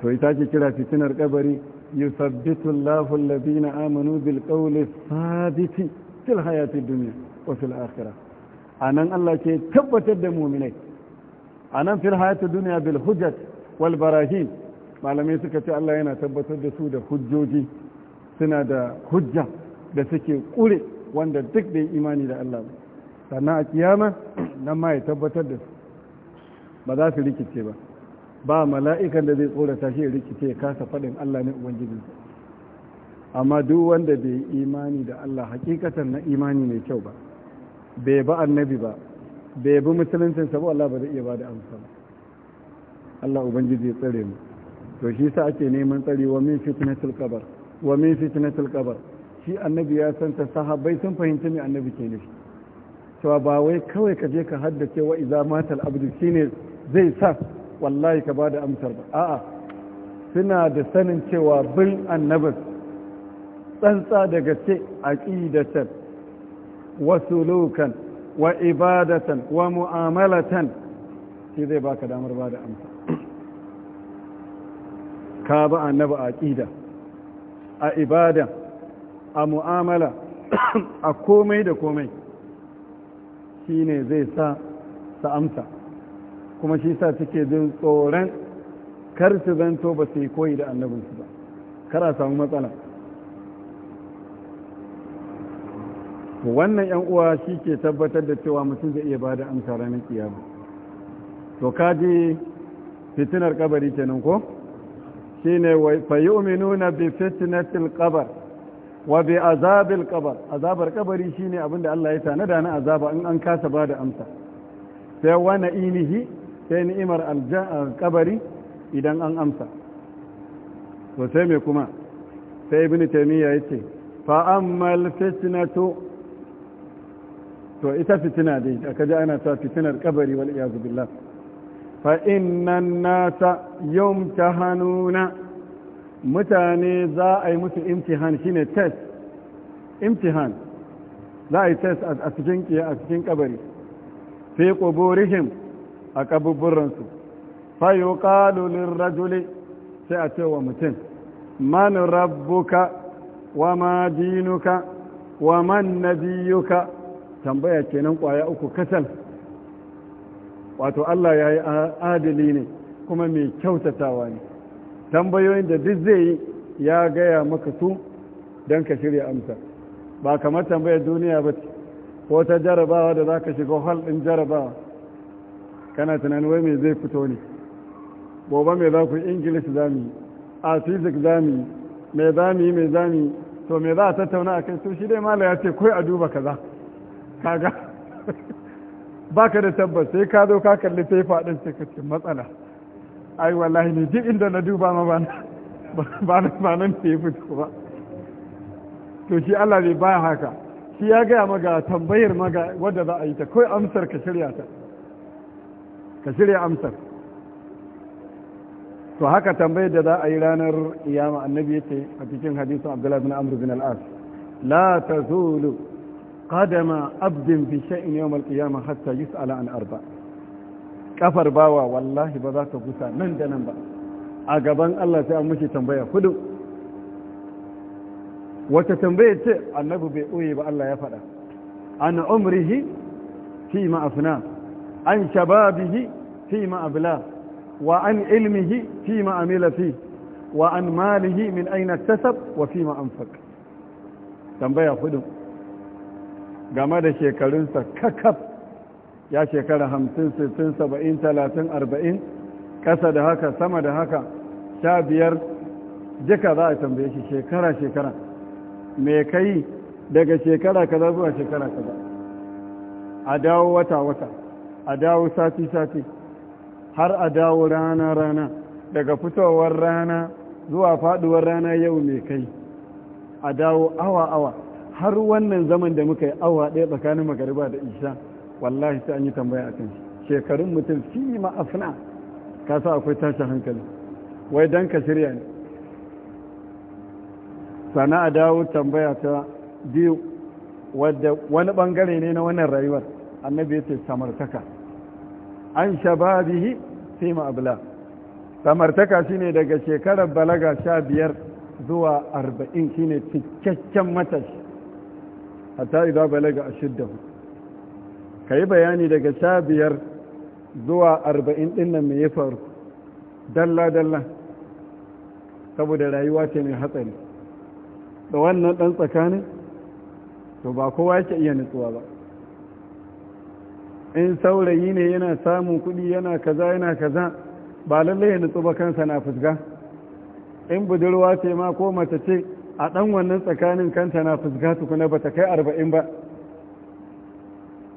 to ita ce kira fitinar kabari yusabbitu Allahu alladhina amanu bil qawli thabiti fil hayati dunya wa fil Allah ke tabbatar da mu'minai anan fil hayati duniya bil hujjat wal barahim malamai suka ce Allah yana tabbatar da su da hujjoji suna da hujja da suke ƙure wanda duk da imani da Allah ba sannan a kiyama nan ma ya tabbatar da su ba za su rikice ba ba mala'ikan da zai tsorata shi ya rikice ya kasa faɗin Allah ne ubangijinsa amma duk wanda bai imani da Allah hakikatan na imani mai kyau ba bai ba annabi ba bai bi musuluncin sabo Allah ba zai iya ba da amsa ba Allah ubangiji ya tsare mu to shi sa ake neman tsarewa min fitnatul qabr wa min fitnatul qabr shi annabi ya san ta sahabbai sun fahimci mai annabi ke nufi cewa ba wai kawai ka je ka haddace wa iza matal abdu shine zai sa wallahi ka bada amsar ba a'a suna da sanin cewa bin annabin tsantsa da gaske aqidatan wa sulukan wa ibadatan wa mu'amalatan shi zai baka damar bada amsa ka ba annabi aqida a ibada a mu'amala a komai da komai shi ne zai sa su amsa kuma shi sa suke jin tsoron kar su zanto ba su yi koyi da annabinsu ba kar samu matsala wannan yan uwa shi ke tabbatar da cewa mutum zai iya ba da amsa ranar kiyama to kaji fitinar kabari kenan ko shi ne fayi fa na bi fitnatil qabr wa bi azabil qabr azabar kabari shine abin da Allah ya tanada na azaba in an kasa ba da amsa sai wa na'imihi sai ni'imar kabari idan an amsa to sai me kuma sai ibnu taymiya yace fa ammal fitnatu to ita fitina dai aka ji ana ta fitinar kabari wal iyaz billah fa an nasa yumtahanuna mutane za a yi musu imtihan shine test imtihan za a yi test a cikin a cikin kabari fi quburihim a kaburburansu fa yuqalu lirrajuli sai a ce mutum man rabbuka wa ma dinuka wa man nabiyuka tambaya kenan kwaya uku kasal wato Allah ya yi adali ne kuma mai kyautatawa ne tambayoyin da duk zai yi ya gaya maka su don ka shirya amsa ba kamar tambayar duniya ba ce ko ta jarabawa da za ka shiga hal ɗin jarabawa kana tunanin wai mai zai fito ne gobe mai za ku yi ingilis za mu yi a fizik za mu yi mai za mu yi mai za mu yi to mai za a tattauna a kai su shi dai mala ya ce kai a duba kaza ba ka da tabbas sai ka zo ka kalli faifa faɗin sai ka ce matsala ai wallahi ne duk inda na duba ma ba ba nan ne fito ba to shi Allah ne baya haka shi ya gaya maga tambayar maga wadda za a yi ta kawai amsar ka shirya ta ka shirya amsar to haka tambayar da za a yi ranar iyama annabi yace a cikin hadisin abdullahi bin amr bin al-as la tazulu qadama abdin bi shay'in yawm al-qiyamah hatta yus'ala an arba' kafar bawa wallahi ba za ta gusa nan da nan ba a gaban Allah sai an mushi tambaya kudu wata tambaya ce annabi bai ɓoye ba Allah ya faɗa an umrihi fi ma an shababihi fi ma abla wa an ilmihi fi ma fi wa an malihi min aina tasab wa fi ma tambaya kudu game da shekarunsa kakaf ya shekara hamsin sittin saba'in talatin arba'in ƙasa da haka sama da haka sha biyar duka za a tambaye shi shekara shekara me kai daga shekara kaza zuwa shekara kaza a dawo wata wata a dawo sati sati har a dawo rana rana daga fitowar rana zuwa faduwar rana yau mai kai a dawo awa awa har wannan zaman da muka yi awa ɗaya tsakanin magariba da isha wallahi sai an yi tambaya a shi shekarun mutum fi ma ka sa akwai tashin hankali wai don ka shirya ne sana dawo tambaya ta biyu wadda wani bangare ne na wannan rayuwar annabi ya ce samartaka an shababihi fi ma samartaka shine daga shekarar balaga sha biyar zuwa arba'in shine cikakken matashi hatta idan balaga a hudu ka yi bayani daga sha biyar zuwa arba'in dinnan mai ya faru dalla-dalla saboda rayuwa ce mai hatsari da wannan dan tsakanin to ba kowa yake iya nutsuwa ba in saurayi ne yana samun kuɗi yana kaza yana kaza ba lallai ya nutsu ba kansa na fusga in budurwa ce ma ko mace ce a dan wannan tsakanin kanta na fusga tukuna ba ta kai arba'in ba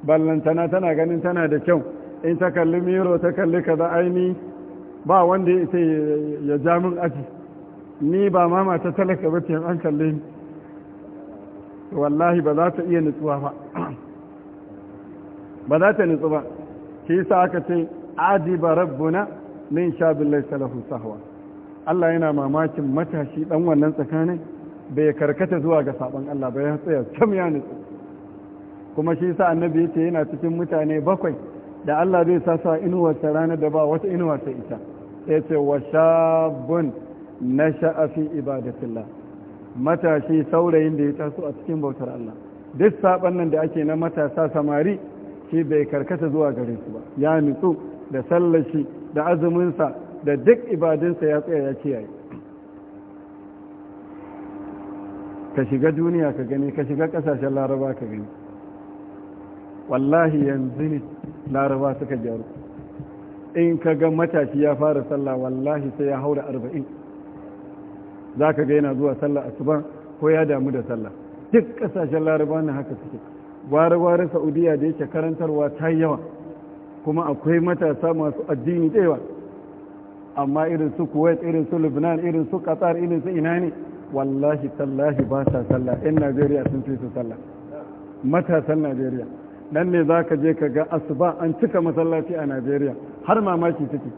ballantana tana ganin tana da kyau in ta kalli miro ta kalli kaza aini ba wanda ya ce ya ja min aji ni ba ma mata talaka ba ce an kalli ni wallahi ba za ta iya nutsuwa ba ba za ta nutsu ba shi sa aka ce aji ba rabbuna min sha billahi salahu sahwa Allah yana mamakin matashi dan wannan tsakanin bai karkata zuwa ga sabon Allah ba ya tsaya cam ya nutsu kuma shi sa annabi ya ce yana cikin mutane bakwai da Allah zai sasa ta ranar da ba wata inuwar ta ita sai ce wa shabun nasha'a fi ibadatillah matashi saurayin da ya taso a cikin bautar Allah duk saban nan da ake na matasa samari shi bai karkata zuwa gare su ba ya nutsu da sallashi da azuminsa da duk ibadinsa ya tsaya ya kiyaye ka shiga duniya ka gani ka shiga kasashen laraba ka gani wallahi yanzu ne laraba suka gyaru in ka ga matashi ya fara sallah wallahi sai ya haura arba'in za ka ga yana zuwa sallah a ko ya damu da sallah duk ƙasashen laraba na haka suke ware-ware sa'udiyya da yake karantarwa ta yawa kuma akwai matasa masu addini da yawa amma irin su kuwait irin su lebanon irin su qatar irin su ina ne wallahi tallahi ba sa sallah 'yan najeriya sun fi su sallah matasan najeriya nan ne za ka je ka ga asuba an cika masallaci a najeriya har mamaki take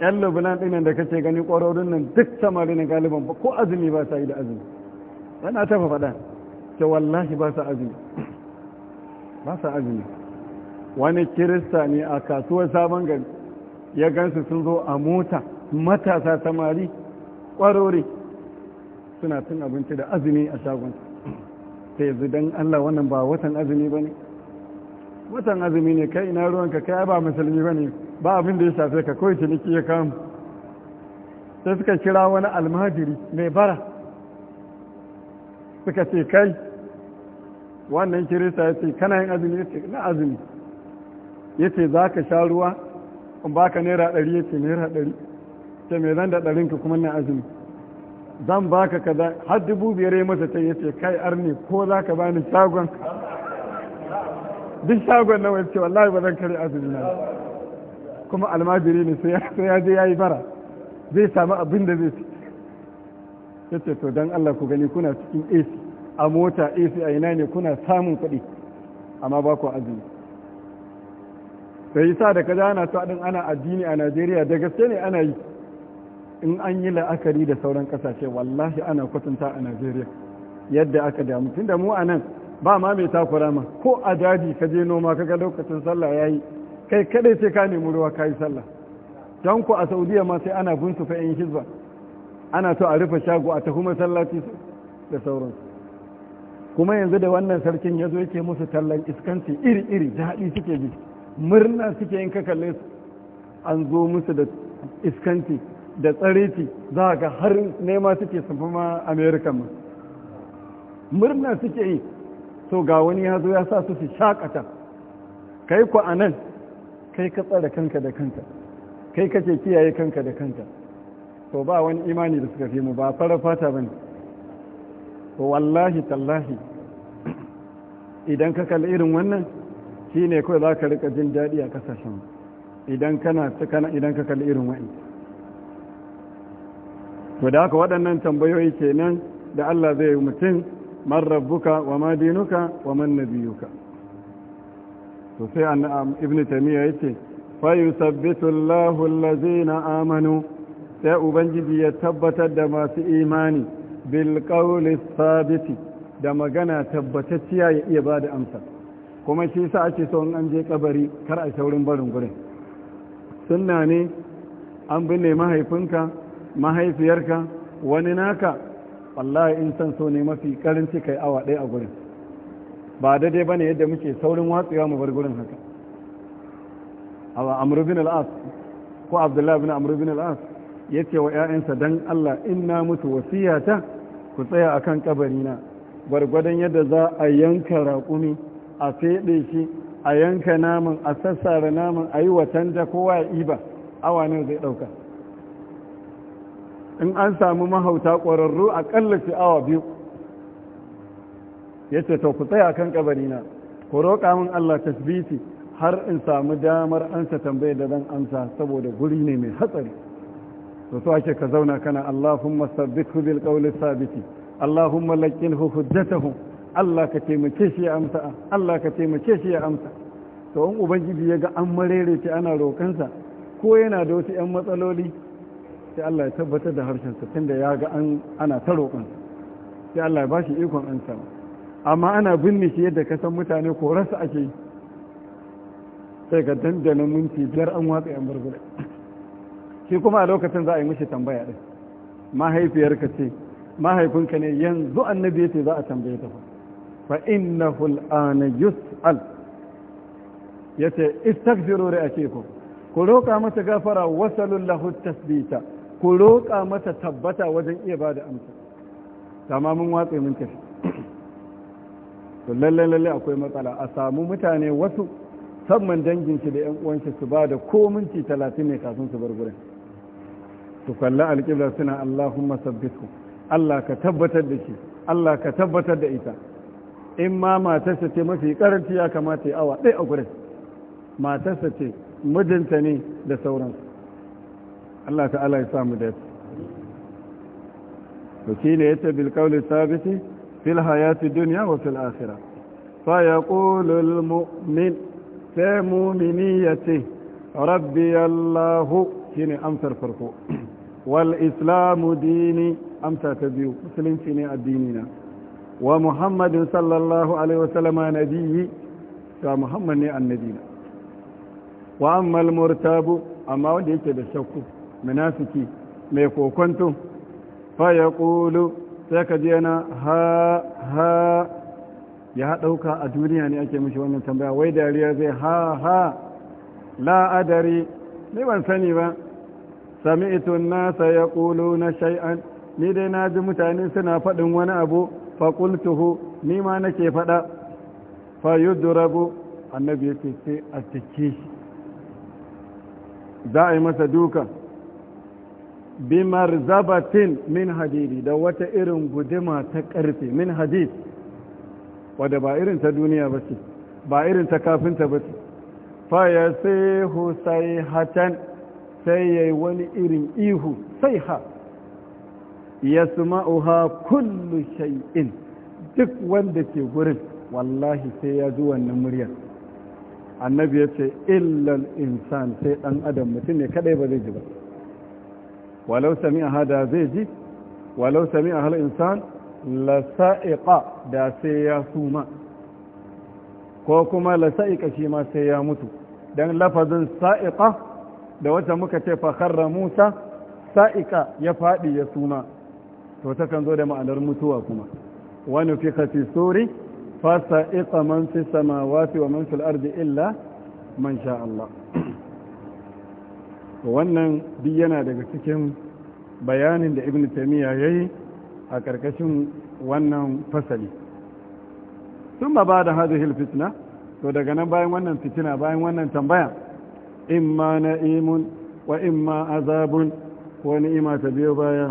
yan lubunan ɗin da kake gani ƙwarorin nan duk samari na galiban ko azumi ba sa yi da azumi yana tafa faɗa ce wallahi ba sa azumi ba sa azumi wani kirista ne a kasuwar sabon gari ya gansu sun zo a mota matasa samari ƙwarori suna cin abinci da azumi a shagon sai yanzu don allah wannan ba watan azumi ba ne watan azumi ne kai ina ruwanka kai ba musulmi ba ne ba abin da ya shafe ka kawai ciniki ya kamu sai suka kira wani almajiri mai bara suka ce kai wannan kirista ya ce kana yin azumi ya ce na azumi ya ce za ka sha ruwa in ba ka naira ɗari ya ce naira ɗari ce mai zan da ɗarinka kuma na azumi zan ba ka kaza har dubu biyar ya masa ta ya ce kai arni ko za ka bani shagon duk shagon na ya ce wallahi ba zan kare azumi na kuma almajiri ne sai ya je ya yi bara zai samu abin da zai ci Yace to don Allah ku gani kuna cikin AC a mota AC a ina ne kuna samun kuɗi amma ba ku azumi sai yasa da kaza ana to din ana addini a Najeriya da gaske ne ana yi in an yi la'akari da sauran kasashe wallahi ana kwatanta a Najeriya yadda aka damu tunda mu a nan ba ma mai takura ma ko a daji ka je noma ka ga lokacin sallah ya yi kai kadai sai ka nemi ruwa yi sallah don ku a Saudiya ma sai ana gunsu fa'in hizba ana to a rufe shago a tafi masallaci da sauran kuma yanzu da wannan sarkin ya zo yake musu tallan iskanci iri iri daɗi suke ji murna suke yin kakalle an zo musu da iskanci da tsareci za ga har nema suke sufi ma amerika ma murna suke yi to ga wani ya zo ya sa su su shakata kai ku a nan kai ka tsara kanka da kanka kai ka ce kiyaye kanka da kanka to ba wani imani da suka fi mu ba fara fata ba ne to wallahi tallahi idan ka kalli irin wannan shi ne kawai za ka rika jin daɗi a ƙasashen idan kana idan ka kalli irin wa'in to da haka waɗannan tambayoyi kenan da Allah zai mutum man rabbuka wa ma dinuka wa man nabiyuka to sai um, ibn tamiya yace fa yusabbitu Allahu allazina amanu sai ubangiji ya tabbatar da masu imani bil qawli sabiti da magana tabbatacciya ya iya bada amsa kuma shi yasa ake so in an je kabari kar a saurin barin gurin sunna ne an binne mahaifinka mahaifiyarka wani naka wallahi in san so ne mafi karanci kai awa ɗaya a gurin ba daidai bane yadda muke saurin watsewa mu bar gurin haka bin al'as ko abdullahi bin amru bin al'as ya ce wa 'ya'yansa dan allah in na mutu wasiyata ku tsaya a akan kabarina gwargwadon yadda za a yanka raƙumi a feɗe shi a yanka naman a sassara naman a yi watan da kowa ya iba awa ne zai ɗauka in an samu mahauta ƙwararru aƙalla ce awa biyu ya ce to ku tsaya kan ƙabarina ku roƙa min Allah tasbiti har in samu damar ansa tambayar da zan amsa saboda guri ne mai hatsari to so ake ka zauna kana Allahumma sabbithu bil qawli sabiti Allahumma laqinhu hujjatahu Allah ka taimake shi ya amsa Allah ka taimake shi ya amsa to in ubangiji ya ga an marere ce ana roƙansa ko yana da wasu 'yan matsaloli sai Allah ya tabbatar da harshen sa tunda ya ga an ana ta roƙon sai Allah ya ba shi ikon an sama amma ana binne shi yadda ka san mutane ko rasa ake sai ga dandana minti biyar an watsa yan burgula shi kuma a lokacin za a yi mishi tambaya din mahaifiyarka ce mahaifinka ne yanzu annabi yace za a tambaye ta fa innahu al'ana yus'al ya ce istagfiru ku ku roƙa masa gafara wasalun lahu tasbita ku roƙa mata tabbata wajen iya ba da amsa sama mun watsa mun tafi to lalle lalle akwai matsala a samu mutane wasu samman shi da yan uwanki su ba da ko minti talatin ne kafin su bar gurin su kalla alƙibla suna allahumma sabbitu allah ka tabbatar da shi allah ka tabbatar da ita in ma matarsa ce mafi karanci ya kamata ya awa ɗaya a gurin matarsa ce mijinta ne da sauransu Allah ta'ala ya samu da to shi ne yace bil qawli sabiti fil hayati dunya wa fil akhirah fa yaqulu al mu'min sai mu'mini yace rabbi Allah ne amsar farko wal islamu dini amsa ta biyu musulunci ne addini na wa muhammadin sallallahu alaihi wa wasallam nabiyyi ta muhammad ne annabi na wa amma al murtabu amma wanda yake da shakku munafiki mai kokonto fa ya ƙulu sai ka je ha ha ya ɗauka a duniya ne ake mishi wannan tambaya wai dariya zai ha ha la'adari ni ban sani ba sami itun nasa ya ƙulu na shai'an ni dai na ji mutane suna faɗin wani abu fa faƙultuhu ni ma nake faɗa fayudurabu annabi ya ce a cike shi za a yi masa dukan bimarzabatin min hadidi da wata irin guduma ta karfe min hadid wadda ba irin ta duniya ba ce ba irin ta kafinta ba ce fa ya sai hu sai hatan sai ya yi wani irin ihu sai ha ya ha kullu shay'in duk wanda ke gurin wallahi sai ya ji wannan muryar annabi ya ce illal insan sai dan adam mutum ne kadai ba zai ji ba walau sami'aha hada zai ji walau sami'aha al-insan lasa'iqa da sai ya suma ko kuma lasa'iqa shi ma sai ya mutu dan lafazin sa'iƙa da wata muka ce fa Musa ya faɗi ya suma to ta kan zo da ma'anar mutuwa kuma wani fi fi tsori fa sa'iqa man fi samawati wa man fil ardi illa man sha Allah wannan duk yana daga cikin bayanin da ibn taimiyya ya yi a ƙarƙashin wannan fasali sun ba da hazihil fitna to daga nan bayan wannan fitina bayan wannan tambaya imma na'imun wa imma azabun ko ni'ima ta biyo baya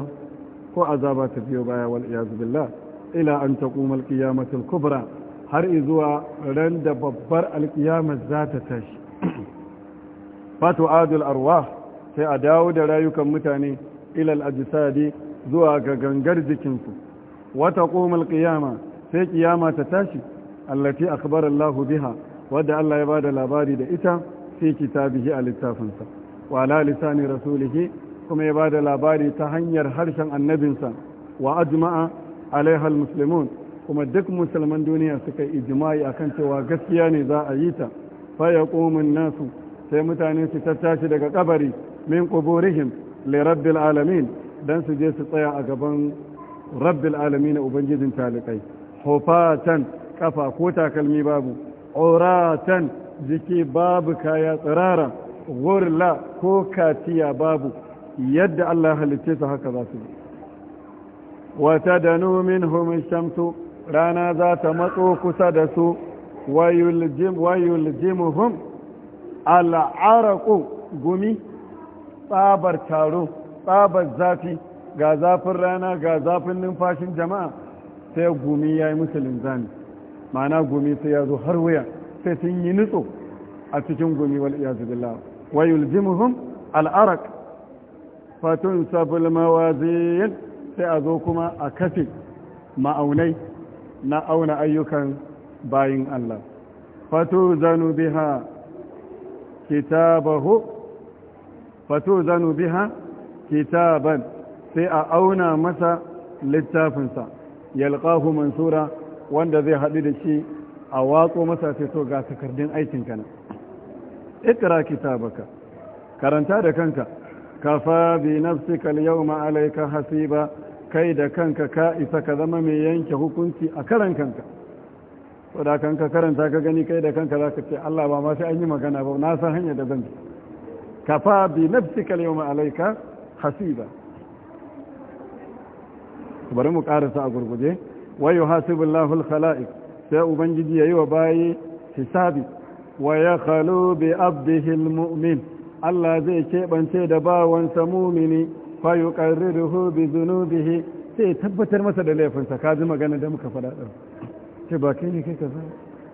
ko azaba ta biyo baya wal billah ila an taquma al qiyamatul kubra har izuwa ran da babbar alkiyamar za ta tashi fatu adul arwah sai a dawo da rayukan mutane ilal ajisadi zuwa ga gangar jikinsu wata ƙomar ƙiyama sai ƙiyama ta tashi allati akbar Allah biha wadda Allah ya bada labari da ita fi kitabihi a littafinsa wa ala lisani rasulihi kuma ya bada labari ta hanyar harshen annabinsa wa ajma'a alaiha almuslimun kuma duk musulman duniya suka ijma'i akan cewa gaskiya ne za a yi ta fa yaqumun nasu sai mutane su tattashi daga kabari min ƙuburihim li rabbil alamin dan su je su tsaya a gaban rabbil alamin ubangijin talikai hufatan kafa ko takalmi babu uratan jiki babu kaya tsirara gurla ko katiya babu yadda Allah halicce su haka za su yi wata da nomin homin shamsu rana za ta matso kusa da su wayuljimuhum al'araku gumi tsabar taro tsabar zafi ga zafin rana ga zafin numfashin jama'a sai gumi ya yi musulun linzami ma'ana gumi sai ya zo har wuya sai sun yi nutso a cikin gumi wal zubi billah wa yulzimuhum al'arak fatun sabul mawazin sai a zo kuma a kafe ma'aunai na auna ayyukan bayin Allah fatu zanu biha kitabahu fato zanu biha kitaban sai a auna masa littafinsa yalqahu mansura wanda zai haɗu da shi a watsa masa sai to ga takardun aikin kana ikra kitabaka karanta da kanka kafa bi nafsika al-yawma alayka hasiba kai da kanka ka isa ka zama mai yanke hukunci a karan kanka saboda kanka karanta ka gani kai da kanka zaka ce Allah ba ma sai an yi magana ba na san hanya da zan bi kafa bi nafsika al-yawma alayka hasiba bari mu karasa a gurguje wa yuhasibu Allahu al-khalaiq sai ubangiji yayi wa bayi hisabi wa yakhlu bi abdihi al-mu'min Allah zai keɓance da bawansa mumini fa yuqarriruhu bi dhunubihi sai tabbatar masa da laifinsa ka ji magana da muka faɗa ɗin ce ba kai ne kai kaza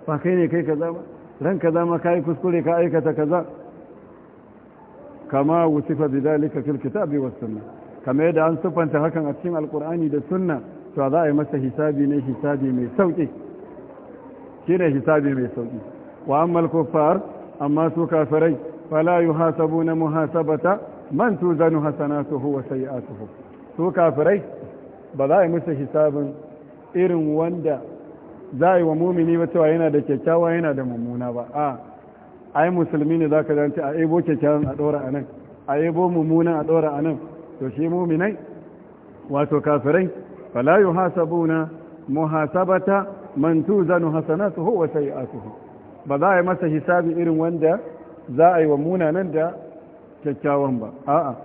ba kai ne kai kaza ba ran kaza ma ka yi kuskure ka aikata kaza kama bi dalika fil kitabi was sunna kama yadda an sufanta hakan a cikin alqur'ani da sunna to za a yi masa hisabi ne hisabi mai sauki shine hisabi mai sauki wa al kuffar amma su kafirai fala yuhasabuna muhasabata man tuzanu hasanatuhu wa sayi'atuhu su kafirai ba za a yi masa hisabin irin wanda za a yi wa mumini ba cewa yana da kyakkyawa yana da mummuna ba a ai musulmi ne za ka zanci a ebo kyakkyawan a ɗora a nan a ebo mummunan a ɗora a nan to shi muminai wato kafirai fala yuhasabuna muhasabata man tuzanu wasa yi asuhu ba za a yi masa hisabi irin wanda za a yi wa munanan da kyakkyawan ba a'a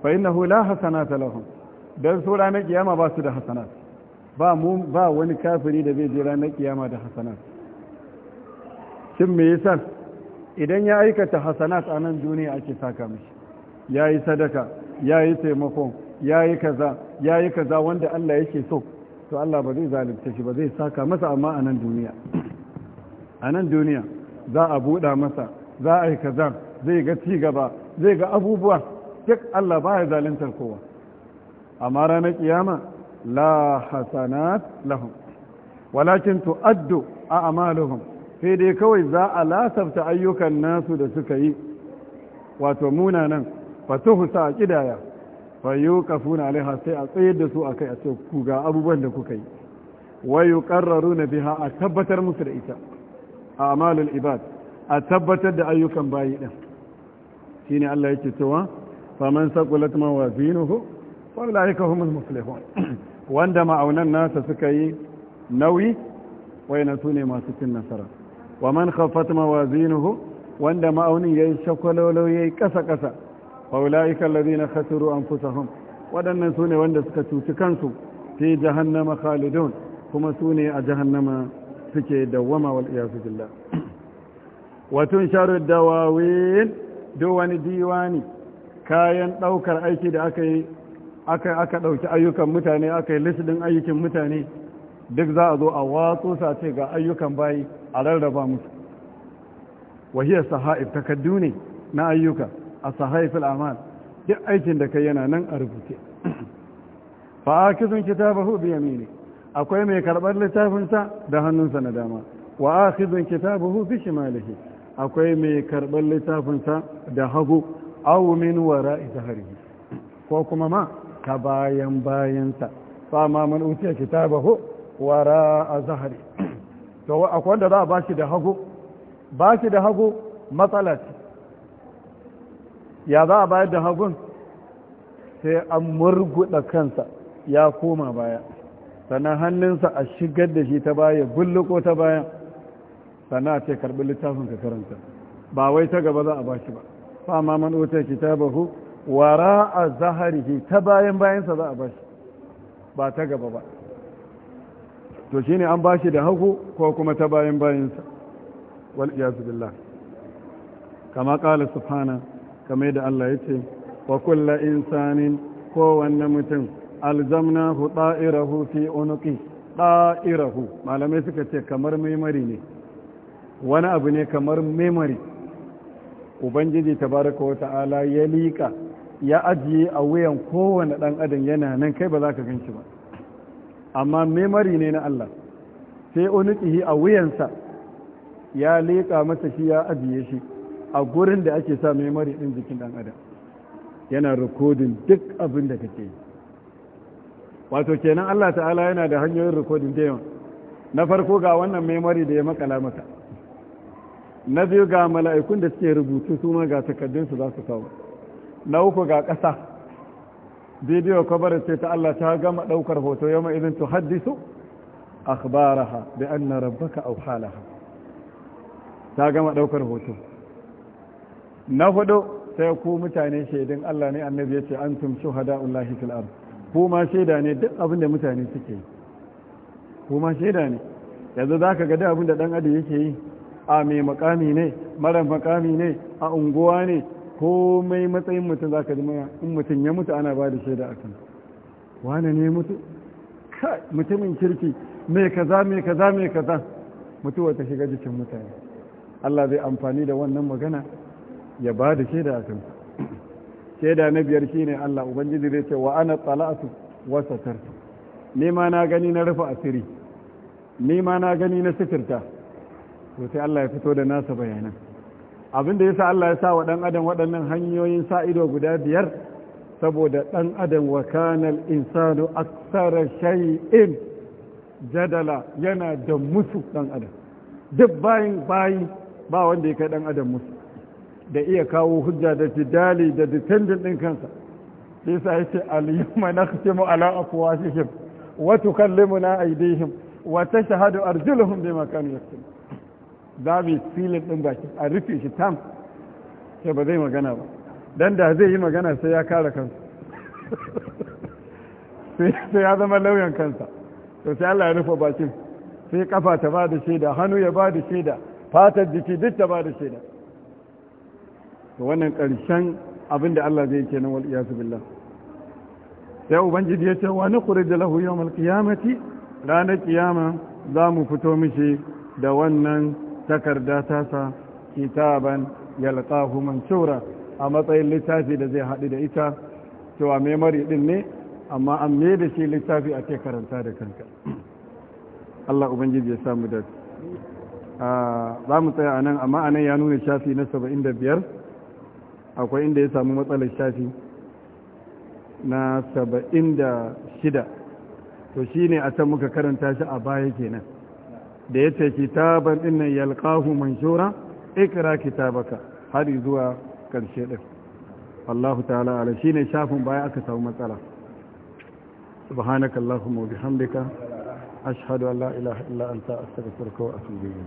fa hula la ta lahum dan su ranar kiyama ba su da hasana ba mu ba wani kafiri da zai je ranar kiyama da hasana shin me yasa idan ya aikata hasanat a nan duniya ake saka mishi ya yi sadaka ya yi taimakon ya yi kaza ya yi kaza wanda Allah yake so to Allah ba zai zalunta shi ba zai saka masa amma a nan duniya a nan duniya za a buɗa masa za a yi kaza zai ga cigaba, zai ga abubuwa duk Allah ba ya zaluntar kowa amma ranar kiyama la hasanat lahum walakin tu'addu a'maluhum sai dai kawai za a lasafta ayyukan nasu da suka yi wato munanan fatuhu sa a kidaya fayu kafuna alaiha sai a tsayar da su a kai a ce ku ga abubuwan da kuka yi wayu karraru na biha a tabbatar musu da ita a amalul ibad a tabbatar da ayyukan bayi shi ne Allah yake cewa faman saqulat mawazinuhu wallahi humul muflihun wanda ma'aunan nasa suka yi nauyi wayna su ne masu cin nasara wa man khaffat mawazinuhu wanda ma'aunin yayi shakwalolo yayi kasa kasa fa ulaika alladhina khasiru anfusahum wadannan sune wanda suka cuci kansu fi jahannama khalidun kuma sune a jahannama suke dawwama wal iyazu billah wa tunsharu dawawin duk wani diwani kayan daukar aiki da aka yi aka aka dauki ayyukan mutane aka yi listin ayyukan mutane duk za a zo a watsu sa ce ga ayyukan bayi a rarraba musu wahiyar sahaif takaddu ne na ayyuka a sahaif al'amal duk aikin da kai yana nan a rubuce fa'akizun kitabahu ya yamini akwai mai karɓar littafinsa da hannunsa na dama wa akhizun kitabahu bi shimalihi akwai mai karɓar littafinsa da hagu aw min wara'i zahrihi ko kuma ma ta bayan bayansa fa ma man utiya kitabahu wara a zahari to akwai wanda za a ba shi da hagu ba shi da hagu matsala ce ya za a bayar da hagun sai an murguɗa kansa ya koma baya sannan hannunsa a shigar da shi ta baya bulluko ta baya sannan a ce karɓi littafin ka karanta ba wai ta gaba za a ba shi ba fama man ta bahu wara a zahari ta bayan bayansa za a ba shi ba ta gaba ba to shi ne an ba shi da hagu ko kuma ta bayan bayansa wal iyazu billah kama qala subhana kamar da Allah yace wa kullu insanin kowanne mutum alzamna hu ɗa'irahu fi unuki ɗa'irahu malamai suka ce kamar memory ne wani abu ne kamar memory ubangiji ta wa ta'ala ya liƙa ya ajiye a wuyan kowane ɗan adam yana nan kai ba za ka gan shi ba amma memari ne na Allah sai oniqihi a wuyansa ya leƙa masa shi ya ajiye shi a gurin da ake sa memari ɗin jikin ɗan adam yana rikodin duk abin da kake yi wato kenan Allah ta'ala yana da hanyoyin rikodin da yawa na farko ga wannan memari da ya makala maka na biyu ga mala'ikun da suke rubutu su ma ga takardunsu za su kawo na uku ga ƙasa bidiyo kabarar ce ta Allah ta gama ɗaukar hoto yau mai izin haddisu akhbaraha bi anna rabbaka aw halaha ta gama ɗaukar hoto na hudu sai ku mutane shaidin Allah ne annabi ya ce shuhada Allah fil ard ku ma shaida ne duk abin da mutane suke yi ku ma shaida ne yanzu zaka ga duk abin da dan adam yake yi a mai makami ne mara makami ne a unguwa ne komai matsayin mutum za ka ji maya in mutum ya mutu ana ba da shaida a kan wane ne mutu ka mutumin kirki mai kaza mai kaza mai kaza mutuwa ta shiga jikin mutane Allah zai amfani da wannan magana ya ba da shaida a kan shaida na biyar shine Allah ubangiji zai ce wa ana tsala'atu wa satartu ni ma na gani na rufe asiri ni ma na gani na sitirta to sai Allah ya fito da nasa bayanan abinda sa Allah ya sa wa dan adam waɗannan hanyoyin sa ido guda biyar saboda ɗan adam wa kanal insanu aksara shay'in jadala yana da musu dan adam duk bayin bayi ba wanda ya kai dan adam musu da iya kawo hujja da jidali da dependent din kansa yasa yace al-yawma nakhtimu ala afwahihim wa tukallimuna aydihim wa tashhadu arjuluhum bima kanu yaktumun za mu yi silin ɗin baki a rufe shi tam sai ba zai magana ba dan da zai yi magana sai ya kare kansa sai ya zama lauyan kansa to sai Allah ya rufe bakin sai kafa ta ba da shaida hannu ya ba da shaida fatar jiki duk ta ba da shaida to wannan ƙarshen abin da Allah zai kenan wal iyasu billah sai ubangiji ya ce wa nukhrij lahu yawm al-qiyamati ranar kiyama za mu fito mishi da wannan takarda ta sa kitaban yalqahu mansura a matsayin littafi da zai haɗu da ita cewa memory din ne amma an me da shi littafi a ke karanta da kanka Allah ubangiji ya samu da za mu tsaya a nan amma anan ya nuna shafi na 75 akwai inda ya samu matsalar shafi na 76 to shi ne a can muka karanta shi a baya kenan da ya ce kitaban ɗin nan yalqahu manshura ikira kitabaka har zuwa ƙarshe ɗin Allah ta'ala ala ne shafin baya aka samu matsala subhanakallahumma wa bihamdika ashhadu an la ilaha illa anta astaghfiruka wa atubu ilayk